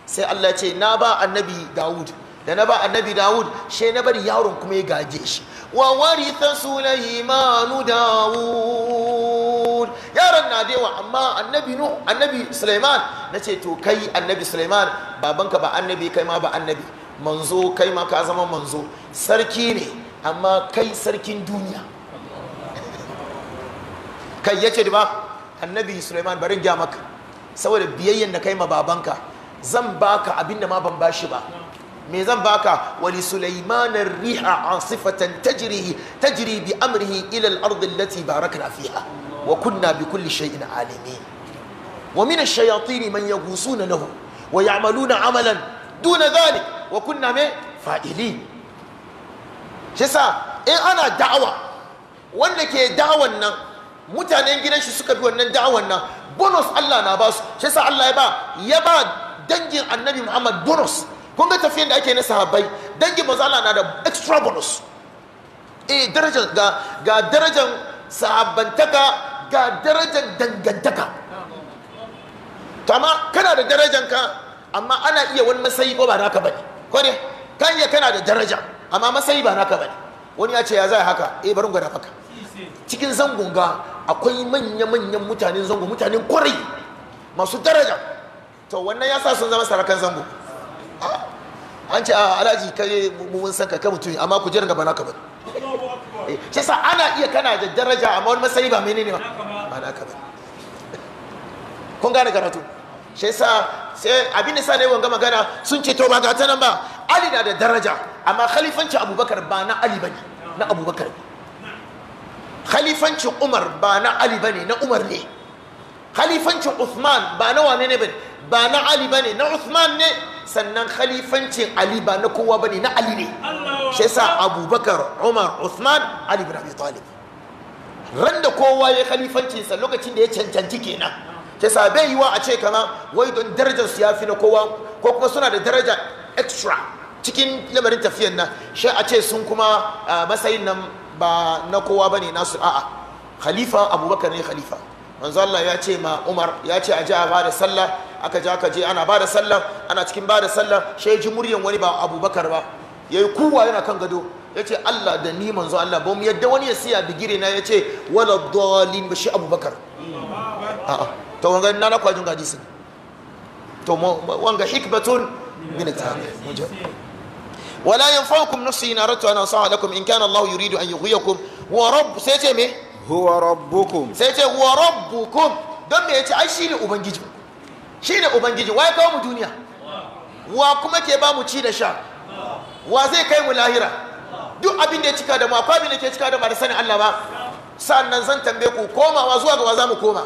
sai allah ce na ba annabi dawud da na ba annabi dawud shi na bari yaron kuma ya gaje shi wa waritha sulaimanu dawud yaron na dewa amma annabi nu annabi sulaiman nace to kai annabi sulaiman babanka ba annabi kai ma ba annabi manzo kai ma ka zama manzo sarki ne amma kai sarkin duniya kai yace da ba annabi sulaiman barin gya maka saboda biyayyen da kai ma babanka zan baka abinda ma ban bashi ba me zan baka wali sulaiman ar-riha asifatan tajri tajri bi amrihi ilal al Lati allati barakna fiha wa kunna bi kulli shay'in alimi. wa min ash-shayatin man yaghusuna lahu wa ya'maluna amalan duna dhalik wa kunna me fa'ilin shi sa in ana da'awa wanda ke da'awan nan mutanen gidan shi suka bi wannan da'awan nan bonus Allah na ba su shi Allah ya ba ya ba dangin annabi Muhammad bonus kun ga tafiyan da ake na sahabbai dangin manzo Allah na da extra bonus eh darajar ga ga darajar sahabbantaka ga darajar dangantaka to amma kana da darajar ka amma ana iya wani masayi ko ba naka bane ko ne kan iya kana da daraja amma masayi ba naka bane wani ya ce ya zai haka eh barin gwada faka cikin zangon ga akwai manya-manyan mutanen zango mutanen kwarai masu daraja to wannan ya sa sun zama sarakan zango an ce a ah, alhaji kai mun san ka kai mutum amma ku jirga bana ka ba eh, shi sa ana iya kana da daraja amma wani matsayi ba menene ba ba na ka ba kun gane karatu shi sa sai abin da sa ne wanga magana sun ce to ba ga nan ba ali na da daraja amma khalifanci abubakar ba na ali bane na abubakar khalifancin umar ba na ali bane na umar ne khalifancin uthman ba na wane ne bane ba na ali bane na Uthman ne sannan khalifancin ali ba na kowa bane na ali ne shi yasa abubakar umar Uthman ali bin abi talib da kowa ya khalifancin sa lokacin da ya cancanci kenan shi yasa bai yiwa a ce kama wai don darajar su yafi na kowa ko kuma suna da daraja extra cikin lamarin tafiyan nan shi a ce sun kuma matsayin nan ba na kowa bane nasu a'a khalifa abubakar ne khalifa manzo Allah ya ce ma Umar ya ce a ji a bada sallah aka ji aka je ana bada sallah ana cikin bada sallah shi ji muryan wani ba Abubakar ba ya yi kuwa yana kan gado yace Allah da ni manzo Allah ba mu yadda wani ya siya bigire na ya ce wala dalin shi Abubakar a'a to wanga na na kwajin gaji sun to wanga hikmatun min at-tarikh ولا ينفعكم نفسي نارته انا صاع لكم ان كان الله يريد ان يغويكم ورب سيتمي huwa rabbukum sai ce huwa rabbukum don me yace ai shine ubangiji shine ubangiji wai kawo mu duniya wa kuma ke ba mu ci da sha wa zai kai mu lahira duk abin da ya cika da mu akwai abin da ke cika da mu da sanin Allah ba sannan zan tambaye ku komawa zuwa ga wa za mu koma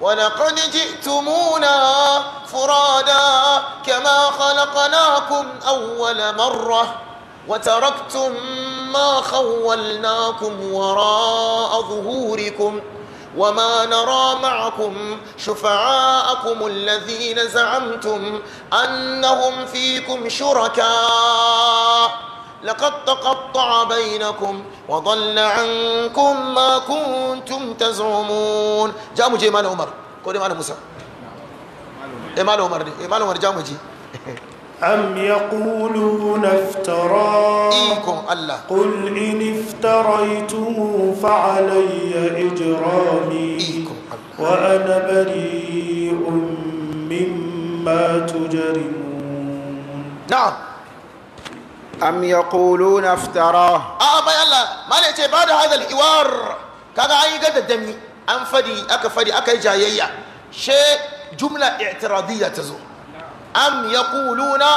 ولقد جئتمونا فرادا كما خلقناكم أول مرة وتركتم ما خولناكم وراء ظهوركم وما نرى معكم شفعاءكم الذين زعمتم أنهم فيكم شركاء لقد تقطع بينكم وضل عنكم ما كنتم تزعمون جاء مجي مال عمر قول مال موسى إيه مال عمر إيه مال عمر جاء مجي أم يقولون افتراه قل إن افتريته فعلي إجرامي وأنا بريء مما تجرمون نعم أم يقولون افتراه آه ما يلا ما لأتي بعد هذا الحوار كذا أي قد فدي أك أكفدي أك جاية شيء جملة اعتراضية تزور am kuluna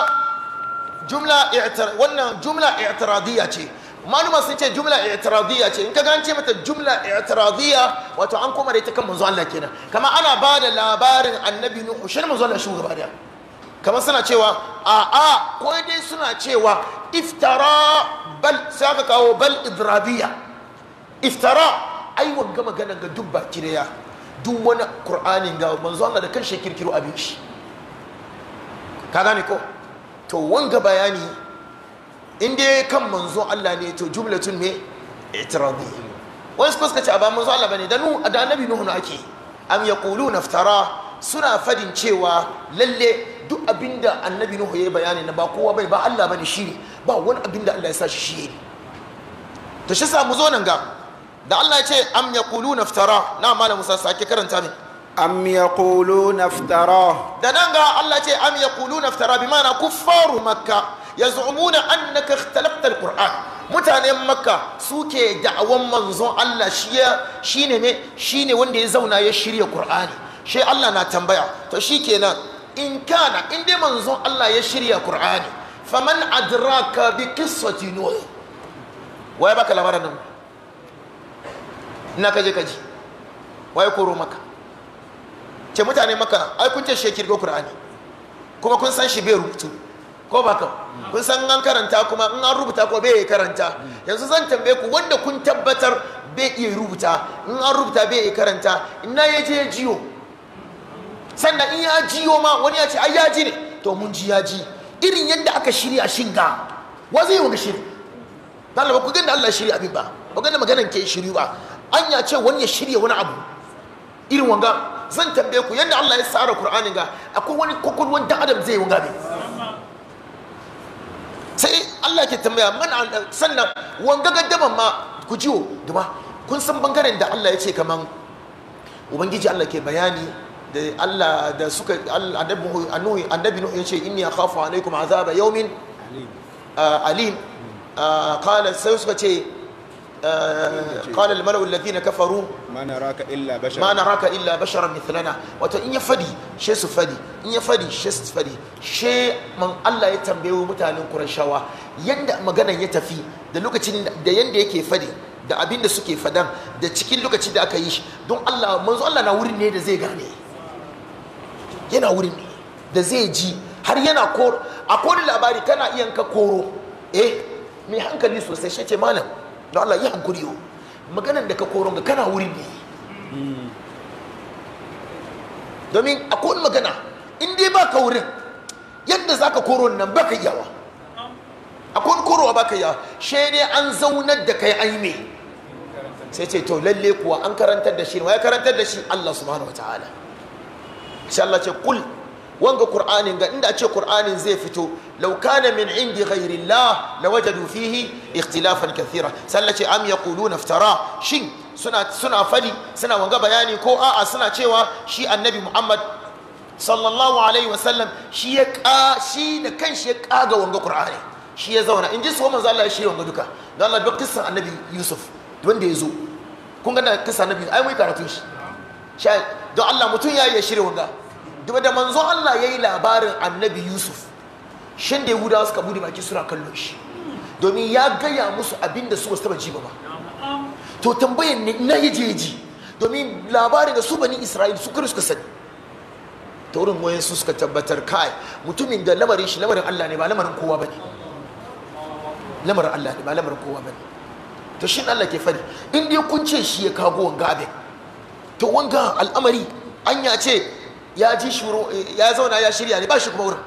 jumla wannan jumla i'tiradiyya ce maluma sun ce jumla i'tiradiyya ce in ka gance mata jumla i'tiradiyya wato an koma da ita kan manzo Allah kenan kama ana ba da labarin annabi nuhu shin manzo Allah shugaba da kamar suna cewa a a ko dai suna cewa iftara bal sai aka kawo bal idrabiya iftara ai wanga magana ga duk baki daya duk wani qur'anin ga manzo Allah da kan shi kirkiro abin shi ka gane ko to wanga bayani in dai kan manzo Allah ne to jumlatun me itirabi wasu su ce a ba manzo Allah bane da nu da annabi nuhu ake am ya na fitara suna fadin cewa lalle duk abinda annabi nuhu yi bayani na ba kowa bai ba Allah bane shi ba wani abinda Allah ya sa shi shi ta shi sa mu zo nan ga da Allah ya ce am ya kulu na malam Musa sake karanta min am yaquluna iftara da nan ga Allah ce am yaquluna iftara bi ma'ana kuffaru makka yaz'umuna annaka ikhtalaqta alquran mutanen makka suke da'awan manzon Allah shi ne wanda ya zauna ya shirya Kur'ani. shi Allah na tambaya to shikenan in kana in dai manzon Allah ya shirya qur'ani faman adraka bi qissati nuh waye baka labarin nan na kaje kaji waye koro ce mutane maka ai kun ce shekir go qur'ani kuma kun san shi bai rubutu ko ba ka kun san an karanta kuma in an rubuta ko bai karanta yanzu zan tambaye ku wanda kun tabbatar bai iya rubuta in an rubuta bai iya karanta ina ya je jiyo sannan in ya jiyo ma wani ya ce ai ya ji ne to mun ji ya ji irin yadda aka shirya shinga wa zai yi wani shiri dalibai ku ganda Allah shirya abin ba ku ganda maganar ke shiryu ba an ya ce wani ya shirya wani abu irin wanga zan tambaye ku yadda Allah ya tsara Qur'ani ga akwai wani kokolwan dan adam zai wanga ne. sai Allah ke tambaya man sannan wanga gaddaman ma ku jiwo duba kun san bangaren da Allah ya ce kaman ubangiji Allah ke bayani da Allah da suka annabi annabi nuhu ya ce inni akhafu alaikum azaba yawmin alim ah, ah, qala sai suka ce قال الملأ الذين كفروا ما نراك إلا بشرا ما نراك إلا بشرا مثلنا wato in ya fadi she su fadi in ya fadi she su fadi Allah ya tambayo mutanen Qurayshawa yanda maganan ya tafi da lokacin da yanda yake fadi da abin da suke fadan da cikin lokaci da aka yi shi don Allah manzo Allah na wurin ne da zai gane yana wurin ne da zai ji har yana koro a kori labari kana iya ka koro eh mai hankali sosai shi ce malam da Allah yi hankuri yau maganan da ka koron ga kana wurin ne domin akwai magana in dai ba ka wurin yadda za ka koro nan ba ka a akwai korowa ba ka yawa shi ne an zaunar da kai an yi sai ce to lalle kuwa an karantar da shi ne ya karantar da shi Allah subhanahu wa ta'ala sai Allah ce kul wanga qur'anin ga inda ce qur'anin zai fito law kana min indi ghairillah lawajadu fihi ikhtilafan kathira sallace am yaquluna iftara shin suna suna fadi suna wanga bayani ko a'a suna cewa shi annabi muhammad sallallahu alaihi wasallam shi ya ka shi da kanshi ya kaga wanga qur'ani shi ya zauna in ji so manzo Allah shi wanga duka dan Allah duk kisan annabi yusuf wanda ya zo kun ga da kisan annabi ai mai karatun shi don Allah mutum ya ya shirya wanga da manzo Allah ya yi labarin annabi Yusuf shin da Yahudawa suka bude baki suna kallon shi domin ya gaya musu abin da su ba taba jiba ba to tambayan na yaje jeji domin labarin da su bani Isra'il su kuri suka sani ta wurin wayan su suka tabbatar kai mutumin da lamarin shi lamarin Allah ne ba lamarin kowa bane lamarin Allah ne ba lamarin kowa bane to shin Allah ke fari in dai kun ce shi ya kago wanga abin to wanga al'amari anya ce ya ji shuru ya zauna ya shirya ne ba shi kuma wurin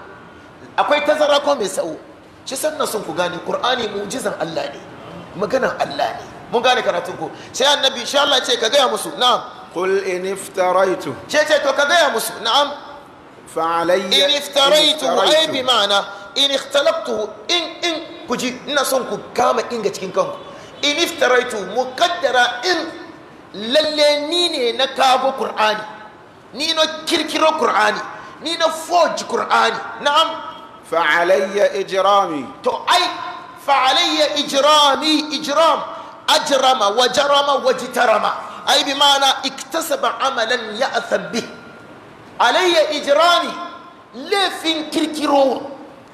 akwai tazara ko mai tsawo shi sannan sun ku gane qur'ani mu'jizan Allah ne maganan Allah ne mun gane karatun ku sai annabi insha Allah ce ka gaya musu na'am qul in iftaraitu ce ce to ka gaya musu na'am fa alayya in iftaraitu ai bi ma'ana in ikhtalaqtu in in kuji ina son ku kama inga cikin kanku in iftaraitu muqaddara in lalle ni ne na kabo qur'ani ni no kirkiro qur'ani ni na forge qur'ani na'am fa alayya ijrami to ai fa alayya ijrami ijram ajrama wa jarama wa jitarama ai bi ma'ana iktasaba amalan ya'thab bi alayya ijrami laifin kirkiro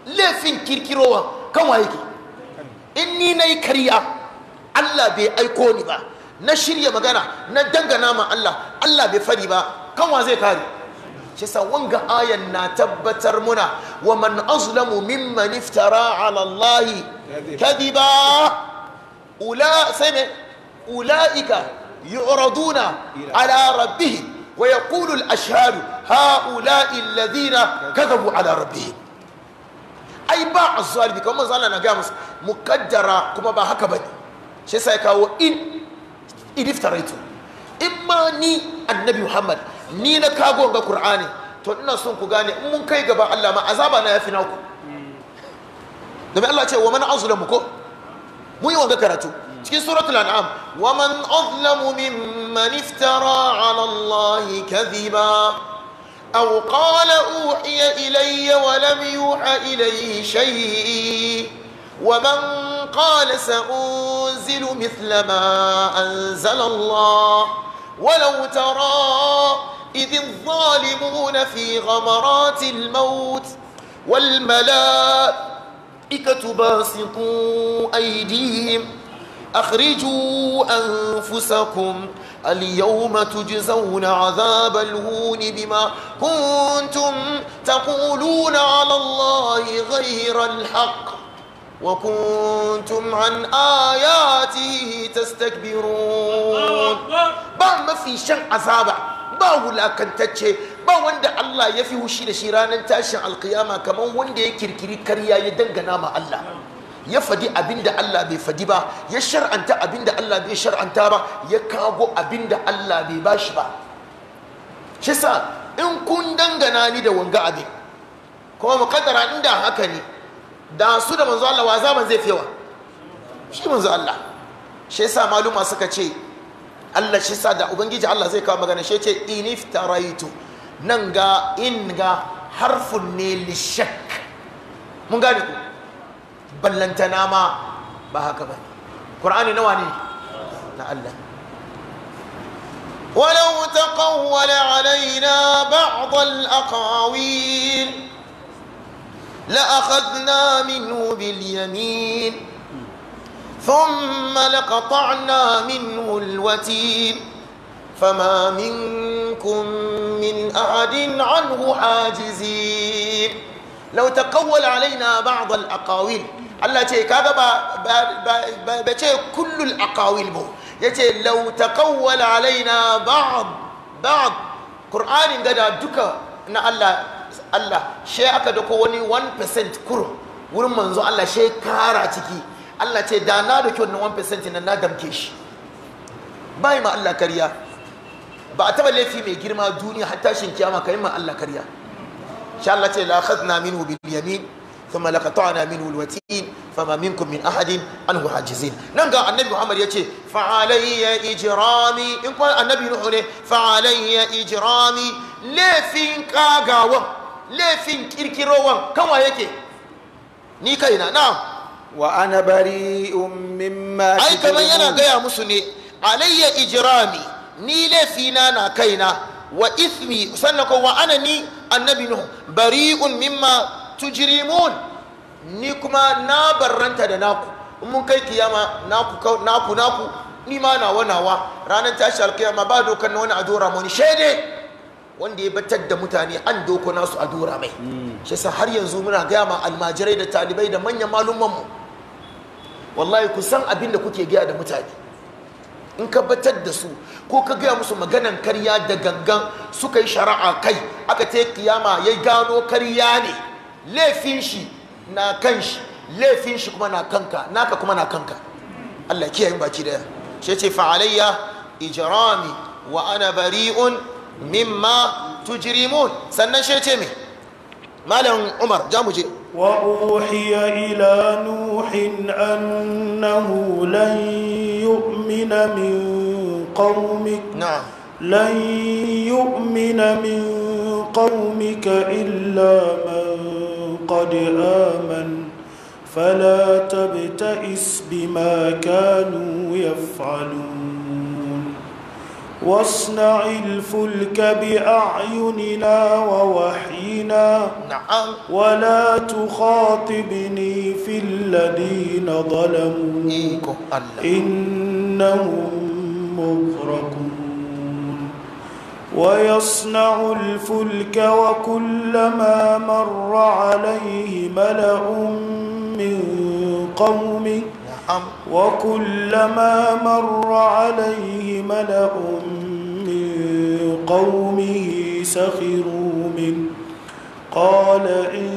laifin kan waye in ni nayi kariya Allah bai aiko ni ba na shirya magana na dangana ma Allah Allah bai fari ba kanwa zai kare shi sa wanga ayan na tabbatar muna wa man azlamu mimman iftara ala Allah kadiba ula sai ne ulaika yu'raduna ala rabbihim wa yaqulu al-ashhadu ha'ula'i alladhina kadhabu ala rabbihim ai ba azzalimi kamar manzo Allah na ga musu mukaddara kuma ba haka bane shi sai kawo in idiftaraito in ma ni annabi Muhammad ni na kagon ga Kur'ani to ina son ku gane in mun kai gaban Allah ma azaba na yafi naku domin Allah ce wa man azlamu ko mun yi wanga karatu cikin suratul an'am wa man azlamu mimman iftara ala Allah kadhiba أو قال أوحي إلي ولم يوحى إليه شيء ومن قال سأنزل مثل ما أنزل الله ولو ترى إذ الظالمون في غمرات الموت والملائكة باسطوا أيديهم أخرجوا أنفسكم اليوم تجزون عذاب الهون بما كنتم تقولون على الله غير الحق وكنتم عن آياته تستكبرون ba mafi shan azaba ba wulakantacce ba wanda Allah ya fi hushi da shi ranar tashin alkiyama kamar wanda ya kirkiri karya ya dangana ma Allah ya fadi abin Allah bai fadi ba ya shar'anta abin Allah bai shar'anta ba ya kago abinda da Allah bai bashi ba shi in kun dangana ni da wanga abin kuma mu kadara inda haka ne da su da manzo Allah wa zaman zai fi yawa shi manzo Allah shi yasa maluma suka ce Allah shi sa da ubangiji Allah zai kawo magana shi ce iniftaraitu nan ga in ga harfun ne lishak mun gane ku ballantana ma ba haka ba Qur'ani nawa ne na Allah ولو تقول علينا بعض الأقاويل لأخذنا منه باليمين ثم لقطعنا منه الوتين فما منكم من أحد عنه حاجزين لو تقول علينا بعض الأقاويل الله تي كذا با با با كل الأقاويل بو يتي لو تقول علينا بعض بعض قرآن قد دكا إن الله Allah she aka dako wani 1% kurum wurin manzo Allah she kara ciki Allah ce da na dake wannan 1% nan na damke shi bai ma Allah kariya ba a taba laifi mai girma duniya hatta shin kiyama kai ma Allah kariya sha Allah ce la khadna minhu bil yamin thumma laqata'na minhu al watin fama minkum min ahadin anhu hajizin nan ga annabi Muhammad yace fa alayya ijrami in kuma annabi Nuhu ne fa alayya ijrami laifin kagawan laifin kirkirowan kanwa yake ni kaina na wa ana bari'un mimma ai kamar yana gaya musu ne alayya ijirami ni laifina na kaina wa ismi sannan ko wa ana ni annabi nuhu bari'un mimma tujrimun ni kuma na barranta da naku in mun kai kiyama naku naku naku ni ma nawa nawa ranar tashi alkiyama ba dokan wani a dora mu ni shede wanda ya batar da mutane an doko nasu a dora mai shi sa har yanzu muna gaya ma almajirai da talibai da manyan malumanmu wallahi ku san abin da kuke gaya da mutane in ka batar da su ko ka gaya musu maganan karya da gangan suka yi shari'a kai aka ta kiyama ya gano karya ne laifin shi na kan shi laifin shi kuma na kanka naka kuma na kanka Allah kiyaye baki da shi ce fa'alayya ijrami wa ana bari'un مما تجرمون sannan shi ce عمر malam umar وأوحي إلى نوح أنه لن يؤمن من قومك نعم لن يؤمن من قومك إلا من قد آمن فلا تبتئس بما كانوا يفعلون واصنع الفلك بأعيننا ووحينا نعم ولا تخاطبني في الذين ظلموا إنهم مغرقون ويصنع الفلك وكلما مر عليه ملأ من قومه الأمر وكلما مر عليه ملأ من قومه سخروا منه قال إن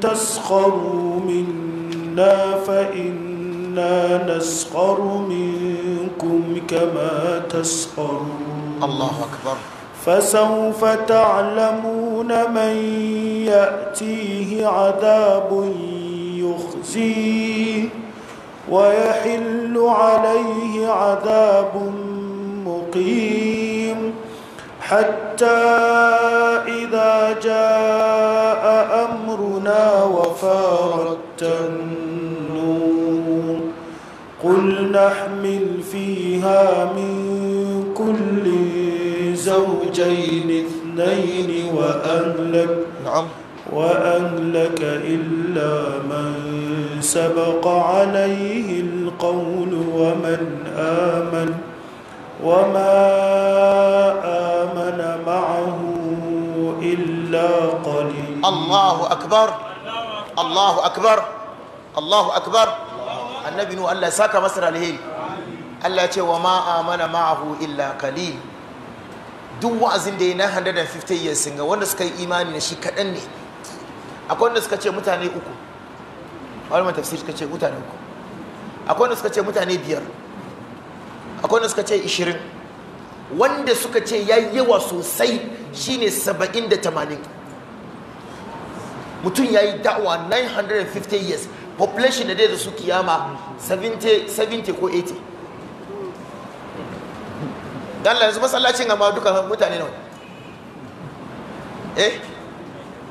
تسخروا منا فإنا نسخر منكم كما تسخرون الله أكبر فسوف تعلمون من يأتيه عذاب يخزيه ويحل عليه عذاب مقيم حتى إذا جاء أمرنا وفارت النور قل نحمل فيها من كل زوجين اثنين وأهلك نعم وأهلك إلا من سبق عليه القول ومن آمن وما آمن معه إلا قليل الله أكبر الله أكبر الله أكبر النبي نو الله ساك مصر الهيل الله يقول وما آمن معه إلا قليل دو وعزين دينا 150 years sun ga wanda suka yi imani akwai wanda suka ce mutane uku malaman tafsir suka ce mutane uku akwai wanda suka ce mutane biyar akwai wanda suka ce ishirin wanda suka ce ya yawa sosai shine saba'in da tamanin mutum ya yi da'awa 950 years population da dai da su kiyama 70 ko 80 dan yanzu masallacin amma duka mutane nawa eh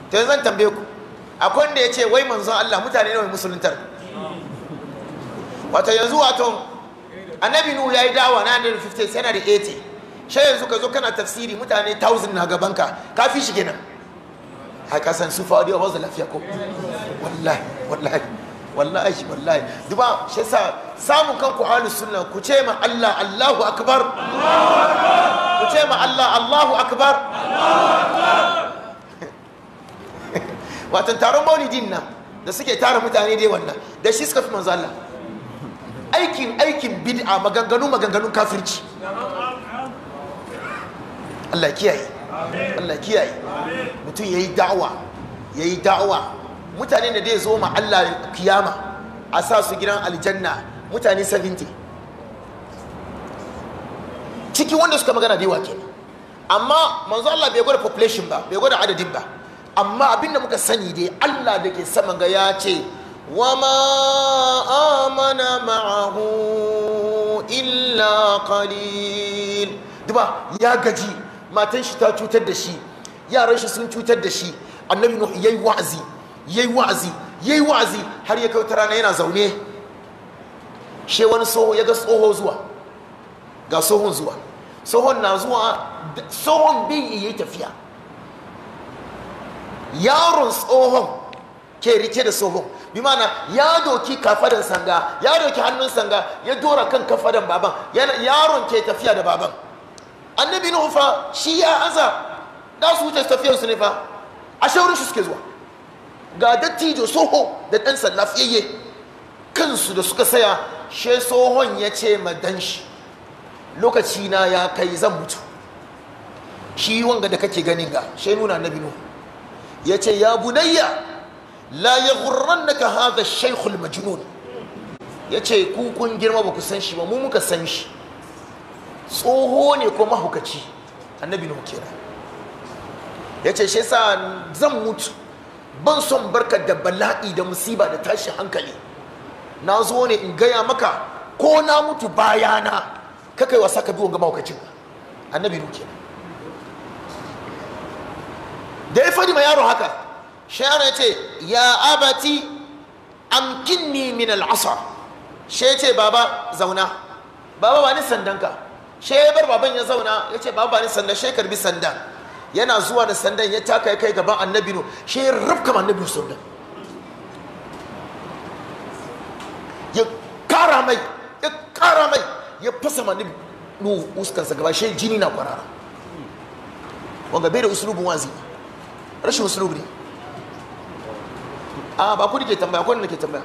ta yanzu zan tambaye ku akwai wanda ya ce wai manzon Allah mutane ne mai musuluntar wato yanzu wato annabi nuhu ya yi dawa na 150 sai na da 80 shi yanzu ka zo kana tafsiri mutane 1000 na gabanka ka fi shi kenan haka san su faɗi wa wasu lafiya ko wallahi wallahi wallahi wallahi duba shi sa samun kanku ahlus sunna ku ce ma Allah Allahu akbar ku ce ma Allah Allahu akbar Allahu akbar watan taron maulidin nan da suke tara mutane dai wannan da shi suka fi manzo Allah aikin aikin bid'a maganganu maganganun kafirci Allah kiyaye Allah kiyaye mutum yayi da'awa yayi da'awa mutane da dai zo ma Allah kiyama a sa su gidan aljanna mutane 70 ciki wanda suka magana dai yawa kenan amma manzo Allah bai gwada population ba bai gwada adadin ba amma abin da muka sani dai Allah da ke sama ga ya ce wa ma amana ma'ahu illa qalil duba ya gaji matan shi ta cutar da shi yaran shi sun cutar da shi annabi nuhu yayi wa'azi yayi wa'azi yayi wa'azi har ya kauta rana yana zaune she wani soho ya ga tsoho zuwa ga tsohon zuwa tsohon na zuwa tsohon bai yi tafiya yaron tsohon ke rike da tsohon bi mana ya doki kafadan sanga ya doki hannun sanga ya dora kan kafadan baban yaron ke tafiya da baban annabi nuhu fa shi ya aza da su wuce tafiyar su ne fa a shaurin shi suke zuwa ga dattijo tsoho da dan sanda kansu da suka saya she tsohon ya ce ma dan shi lokaci na ya kai zan mutu shi wanga da kake ganin ga shi nuna annabi nuhu ya ce ya bunayya la ya gurran ka haza shaikul majinun ya ce kukun girma ba ku san shi ba mu muka san shi tsoho ne ko mahukaci annabi na hukera ya ce shi sa zan mutu ban son barka da bala'i da musiba da tashi hankali na zo ne in gaya maka ko na mutu bayana kakai wasa ka biyo ga mahukacin annabi na hukera da ya fadi ma yaron haka shi ya ce ya abati amkinni min al'asa shi ya ce baba zauna baba ba ni sandanka shi ya bar baban ya zauna ya ce baba ba ni sanda shi ya karbi sandan. yana zuwa da sandan ya taka ya kai gaban annabi no shi ya rafka annabi sandan ya kara mai ya kara mai ya fasa ma nu uskansa gaba shi jini na kwarara wanga bai da usulubin wazi rashin usulub ne a ba ku ke tambaya akwai wanda ke tambaya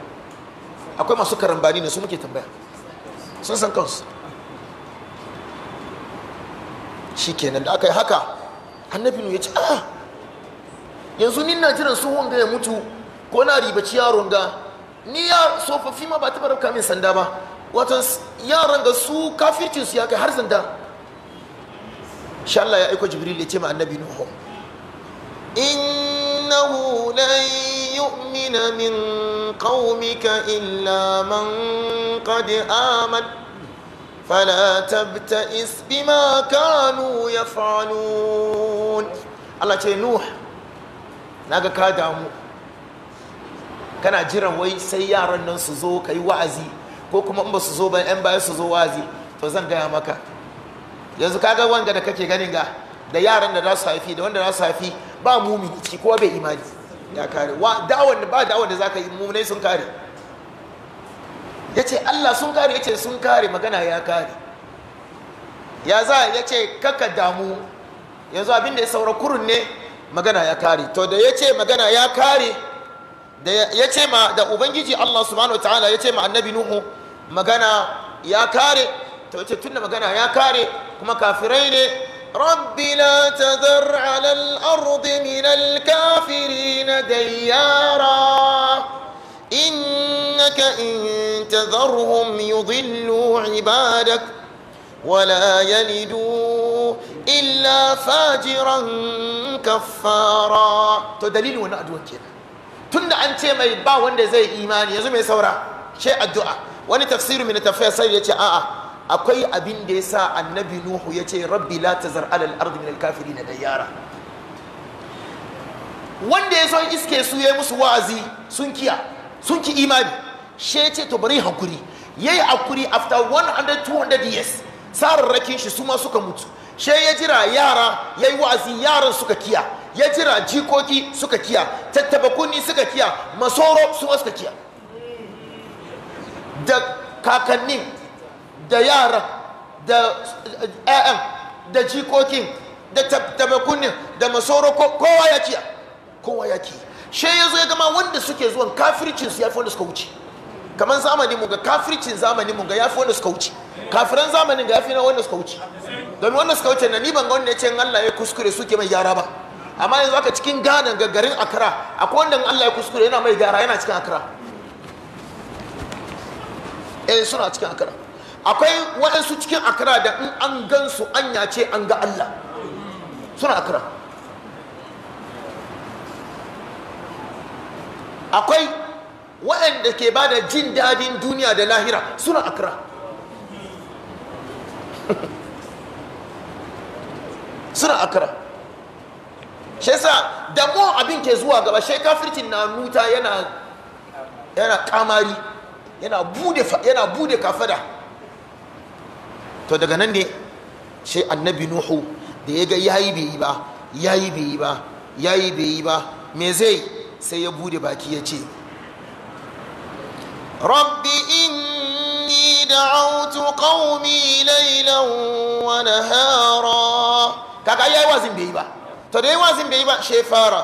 akwai masu karambani ne su muke tambaya sun san kansu shi kenan da aka yi haka hannabinu ya ce a ah, yanzu ni na jiran su wanga ya mutu ko na ribaci yaron ga ni ya tsofaffi ma ba ta rabka min sanda ba watan yaran ga su kafircinsu ya kai har sanda shi Allah ya aiko jibril ya ce ma annabi nuhu إنه لن يؤمن من قومك إلا من قد آمن فلا تبتئس بما كانوا يفعلون الله ce Nuh naga ka damu kana jiran wai sai yaran nan su zo ka yi wa'azi ko kuma in ba su zo ba yan baya su zo wa'azi to zan gaya maka yanzu kaga wanga da kake ganin ga da yaran da za su haifi da wanda za su haifi ba mumini ciki kowa bai imani ya kare wa da'awar da ba da'awar da ka yi mummunai sun kare ya ce Allah sun kare ya ce sun kare magana ya kare ya za ce kaka damu yanzu abin da ya saura kurun ne magana ya kare to da ya ce magana ya kare da ce ma da ubangiji Allah subhanahu ya ce ma annabi nuhu magana ya kare to wace tunda magana ya kare kuma kafirai ne رب لا تذر على الأرض من الكافرين ديارا إنك إن تذرهم يضلوا عبادك ولا يلدوا إلا فاجرا كفارا تو دليل وانا أدوى كينا تند أنت ما يبا زي إيماني يزمي سورا شيء الدعاء wani تفسير من التفسير sai akwai abin da ya sa annabi nuhu ya ce rabbi la tazar alal ardi min na dayara wanda ya so iske su ya musu wa'azi sun kiya sun ki imani she ya ce to bari hankuri yayi hakuri after 100 200 years sararrakin shi su ma suka mutu she ya jira yara yayi wa'azi yaran suka kiya ya jira jikoki suka kiya tattabakuni kunni suka kiya masoro su suka kiya da kakannin da yaran da ƴaƴan eh, eh, da jikokin da tabakunin da masoro kowa ya kiya kowa ya kiya shi ya zo ya gama wanda suke zuwan kafircin su ya fi wanda suka wuce kamar zamani mu ga kafircin zamani mu ga ya fi wanda suka wuce kafiran zamanin ga ya fi na wanda suka wuce domin wanda suka wuce na ni ban ga wanda ya ce Allah ya kuskure suke mai gyara ba amma yanzu aka cikin gana ga garin akara akwai wanda Allah ya kuskure yana mai gyara yana cikin akara eh suna cikin akara akwai waɗansu cikin akra da in an gan su an ce an ga Allah suna akara. akwai waɗanda ke ba da jin daɗin duniya da lahira suna akara. suna akara. shi da mu abin ke zuwa gaba shi kafircin na nuta yana kamari yana bude yana kafada to daga nan ne sai annabi nuhu da ya ga yayi bai yi ba yayi bai yi ba yayi bai yi ba me zai sai ya bude baki ya ce rabbi inni da'awtu qaumi laylan wa nahara kaga yayi wazin bai yi ba to da yayi wazin bai yi ba she fara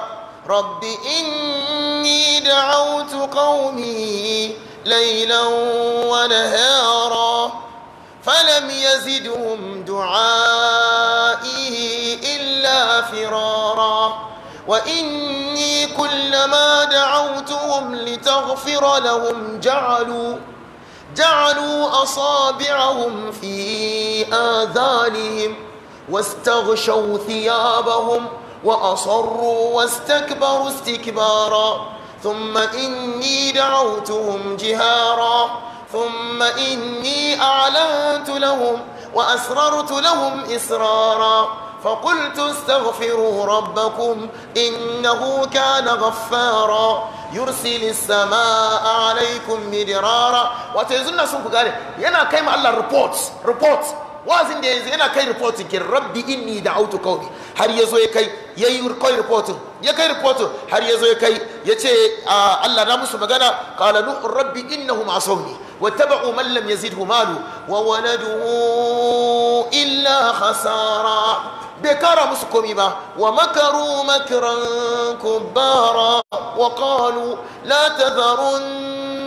rabbi inni da'awtu qaumi laylan wa nahara فلم يزدهم دعائي إلا فرارا وإني كلما دعوتهم لتغفر لهم جعلوا جعلوا أصابعهم في آذانهم واستغشوا ثيابهم وأصروا واستكبروا استكبارا ثم إني دعوتهم جهارا ثم إني أعلنت لهم وأسررت لهم إسرارا فقلت استغفروا ربكم إنه كان غفارا يرسل السماء عليكم مدرارا وتزلنا سنكو قال ينا كيم الله ريبورت ريبورت wazin da yanzu yana kai rifotin kin rabbi inni da autu kauɗi, har yazo ya kai yayi kai ya kai rifotin har yazo ya kai ce Allah na musu magana qala nuhu rabbi innahum asawni Mallam man lam yazidhu malu wa waladuhu illa khasara bai kara musu komi ba wa makaru makiran kubara wa kalu la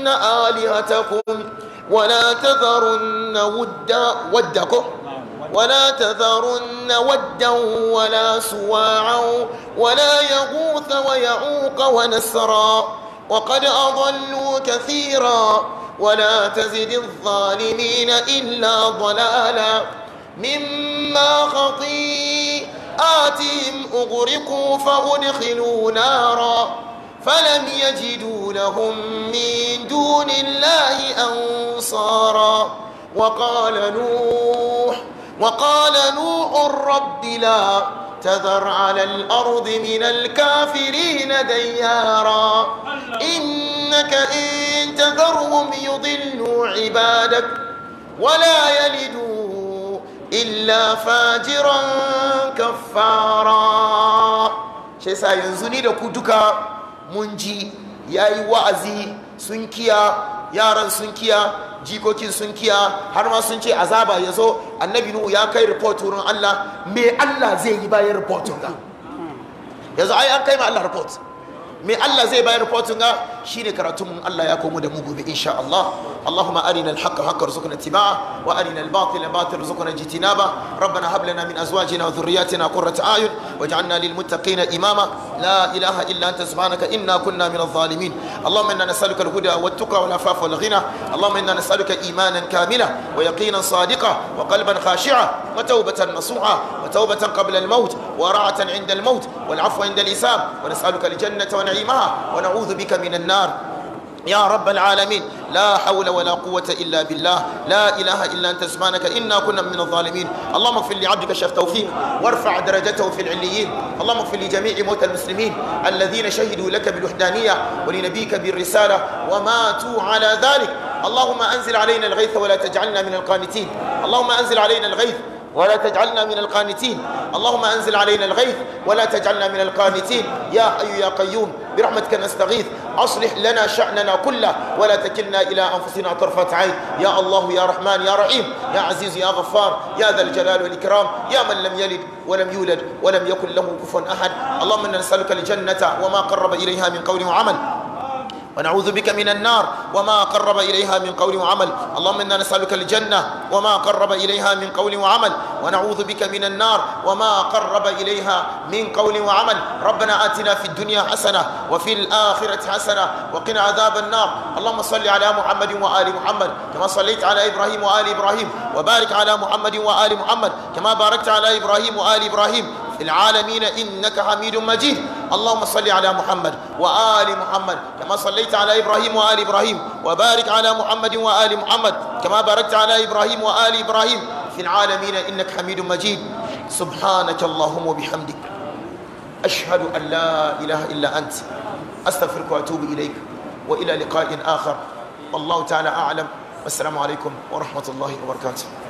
na alihata kun wala tazarun na wadda wadda ko wala tazarun na wadda wala suwa'an ya gusa wa ya uka wa nasara wa kada a zallu kasira wala ta zidin zalimi na illa balala. مما خطيئاتهم أغرقوا فأدخلوا نارا فلم يجدوا لهم من دون الله أنصارا وقال نوح وقال نوح رب لا تذر على الأرض من الكافرين ديارا إنك إن تذرهم يضلوا عبادك ولا يلدون illa fajiran kafara shi yasa yanzu ni da ku duka mun ji yayi wa'azi sun kiya yaran sun kiya jikokin sun kiya har ma sun ce azaba ya zo annabi nuhu ya kai report wurin Allah me Allah zai yi bayan report ga yanzu ai an kai ma Allah report me Allah zai bayar rufotin ga shi ne karatunmu Allah ya komo da mu gobe insha Allah Allahumma arina al-haqqa haqqa tibaa wa arina al-batila batila rizqana jitinaba rabbana hab lana min azwajina wa dhurriyyatina qurrata a'yun waj'alna lil muttaqina imama لا إله إلا أنت سبحانك إنا كنا من الظالمين اللهم إنا نسألك الهدى والتقى والعفاف والغنى اللهم إنا نسألك إيمانا كاملا ويقينا صادقا وقلبا خاشعا وتوبة نصوعا وتوبة قبل الموت وراعة عند الموت والعفو عند الإسام ونسألك الجنة ونعيمها ونعوذ بك من النار يا رب العالمين لا حول ولا قوة إلا بالله لا إله إلا أنت سبحانك إنا كنا من الظالمين اللهم اغفر لعبدك الشيخ توفيق وارفع درجته في العليين اللهم اغفر لجميع موتى المسلمين الذين شهدوا لك بالوحدانية ولنبيك بالرسالة وماتوا على ذلك اللهم أنزل علينا الغيث ولا تجعلنا من القانتين اللهم أنزل علينا الغيث ولا تجعلنا من القانتين اللهم أنزل علينا الغيث ولا تجعلنا من القانتين يا حي يا قيوم برحمتك نستغيث أصلح لنا شأننا كله ولا تكلنا إلى أنفسنا طرفة عين يا الله يا رحمن يا رحيم يا عزيز يا غفار يا ذا الجلال والإكرام يا من لم يلد ولم يولد ولم يكن له كفوا أحد اللهم إنا نسألك الجنة وما قرب إليها من قول وعمل ونعوذ بك من النار وما قرب إليها من قول وعمل اللهم إنا نسألك الجنة وما قرب إليها من قول وعمل ونعوذ بك من النار وما قرب إليها من قول وعمل ربنا آتنا في الدنيا حسنة وفي الآخرة حسنة وقنا عذاب النار اللهم صل على محمد وآل محمد كما صليت على إبراهيم وآل إبراهيم وبارك على محمد وآل محمد كما باركت على إبراهيم وآل إبراهيم في العالمين إنك حميد مجيد اللهم صل على محمد وآل محمد كما صليت على إبراهيم وآل إبراهيم وبارك على محمد وآل محمد كما باركت على إبراهيم وآل إبراهيم في العالمين إنك حميد مجيد سبحانك اللهم وبحمدك أشهد أن لا إله إلا أنت أستغفرك وأتوب إليك وإلى لقاء آخر والله تعالى أعلم والسلام عليكم ورحمة الله وبركاته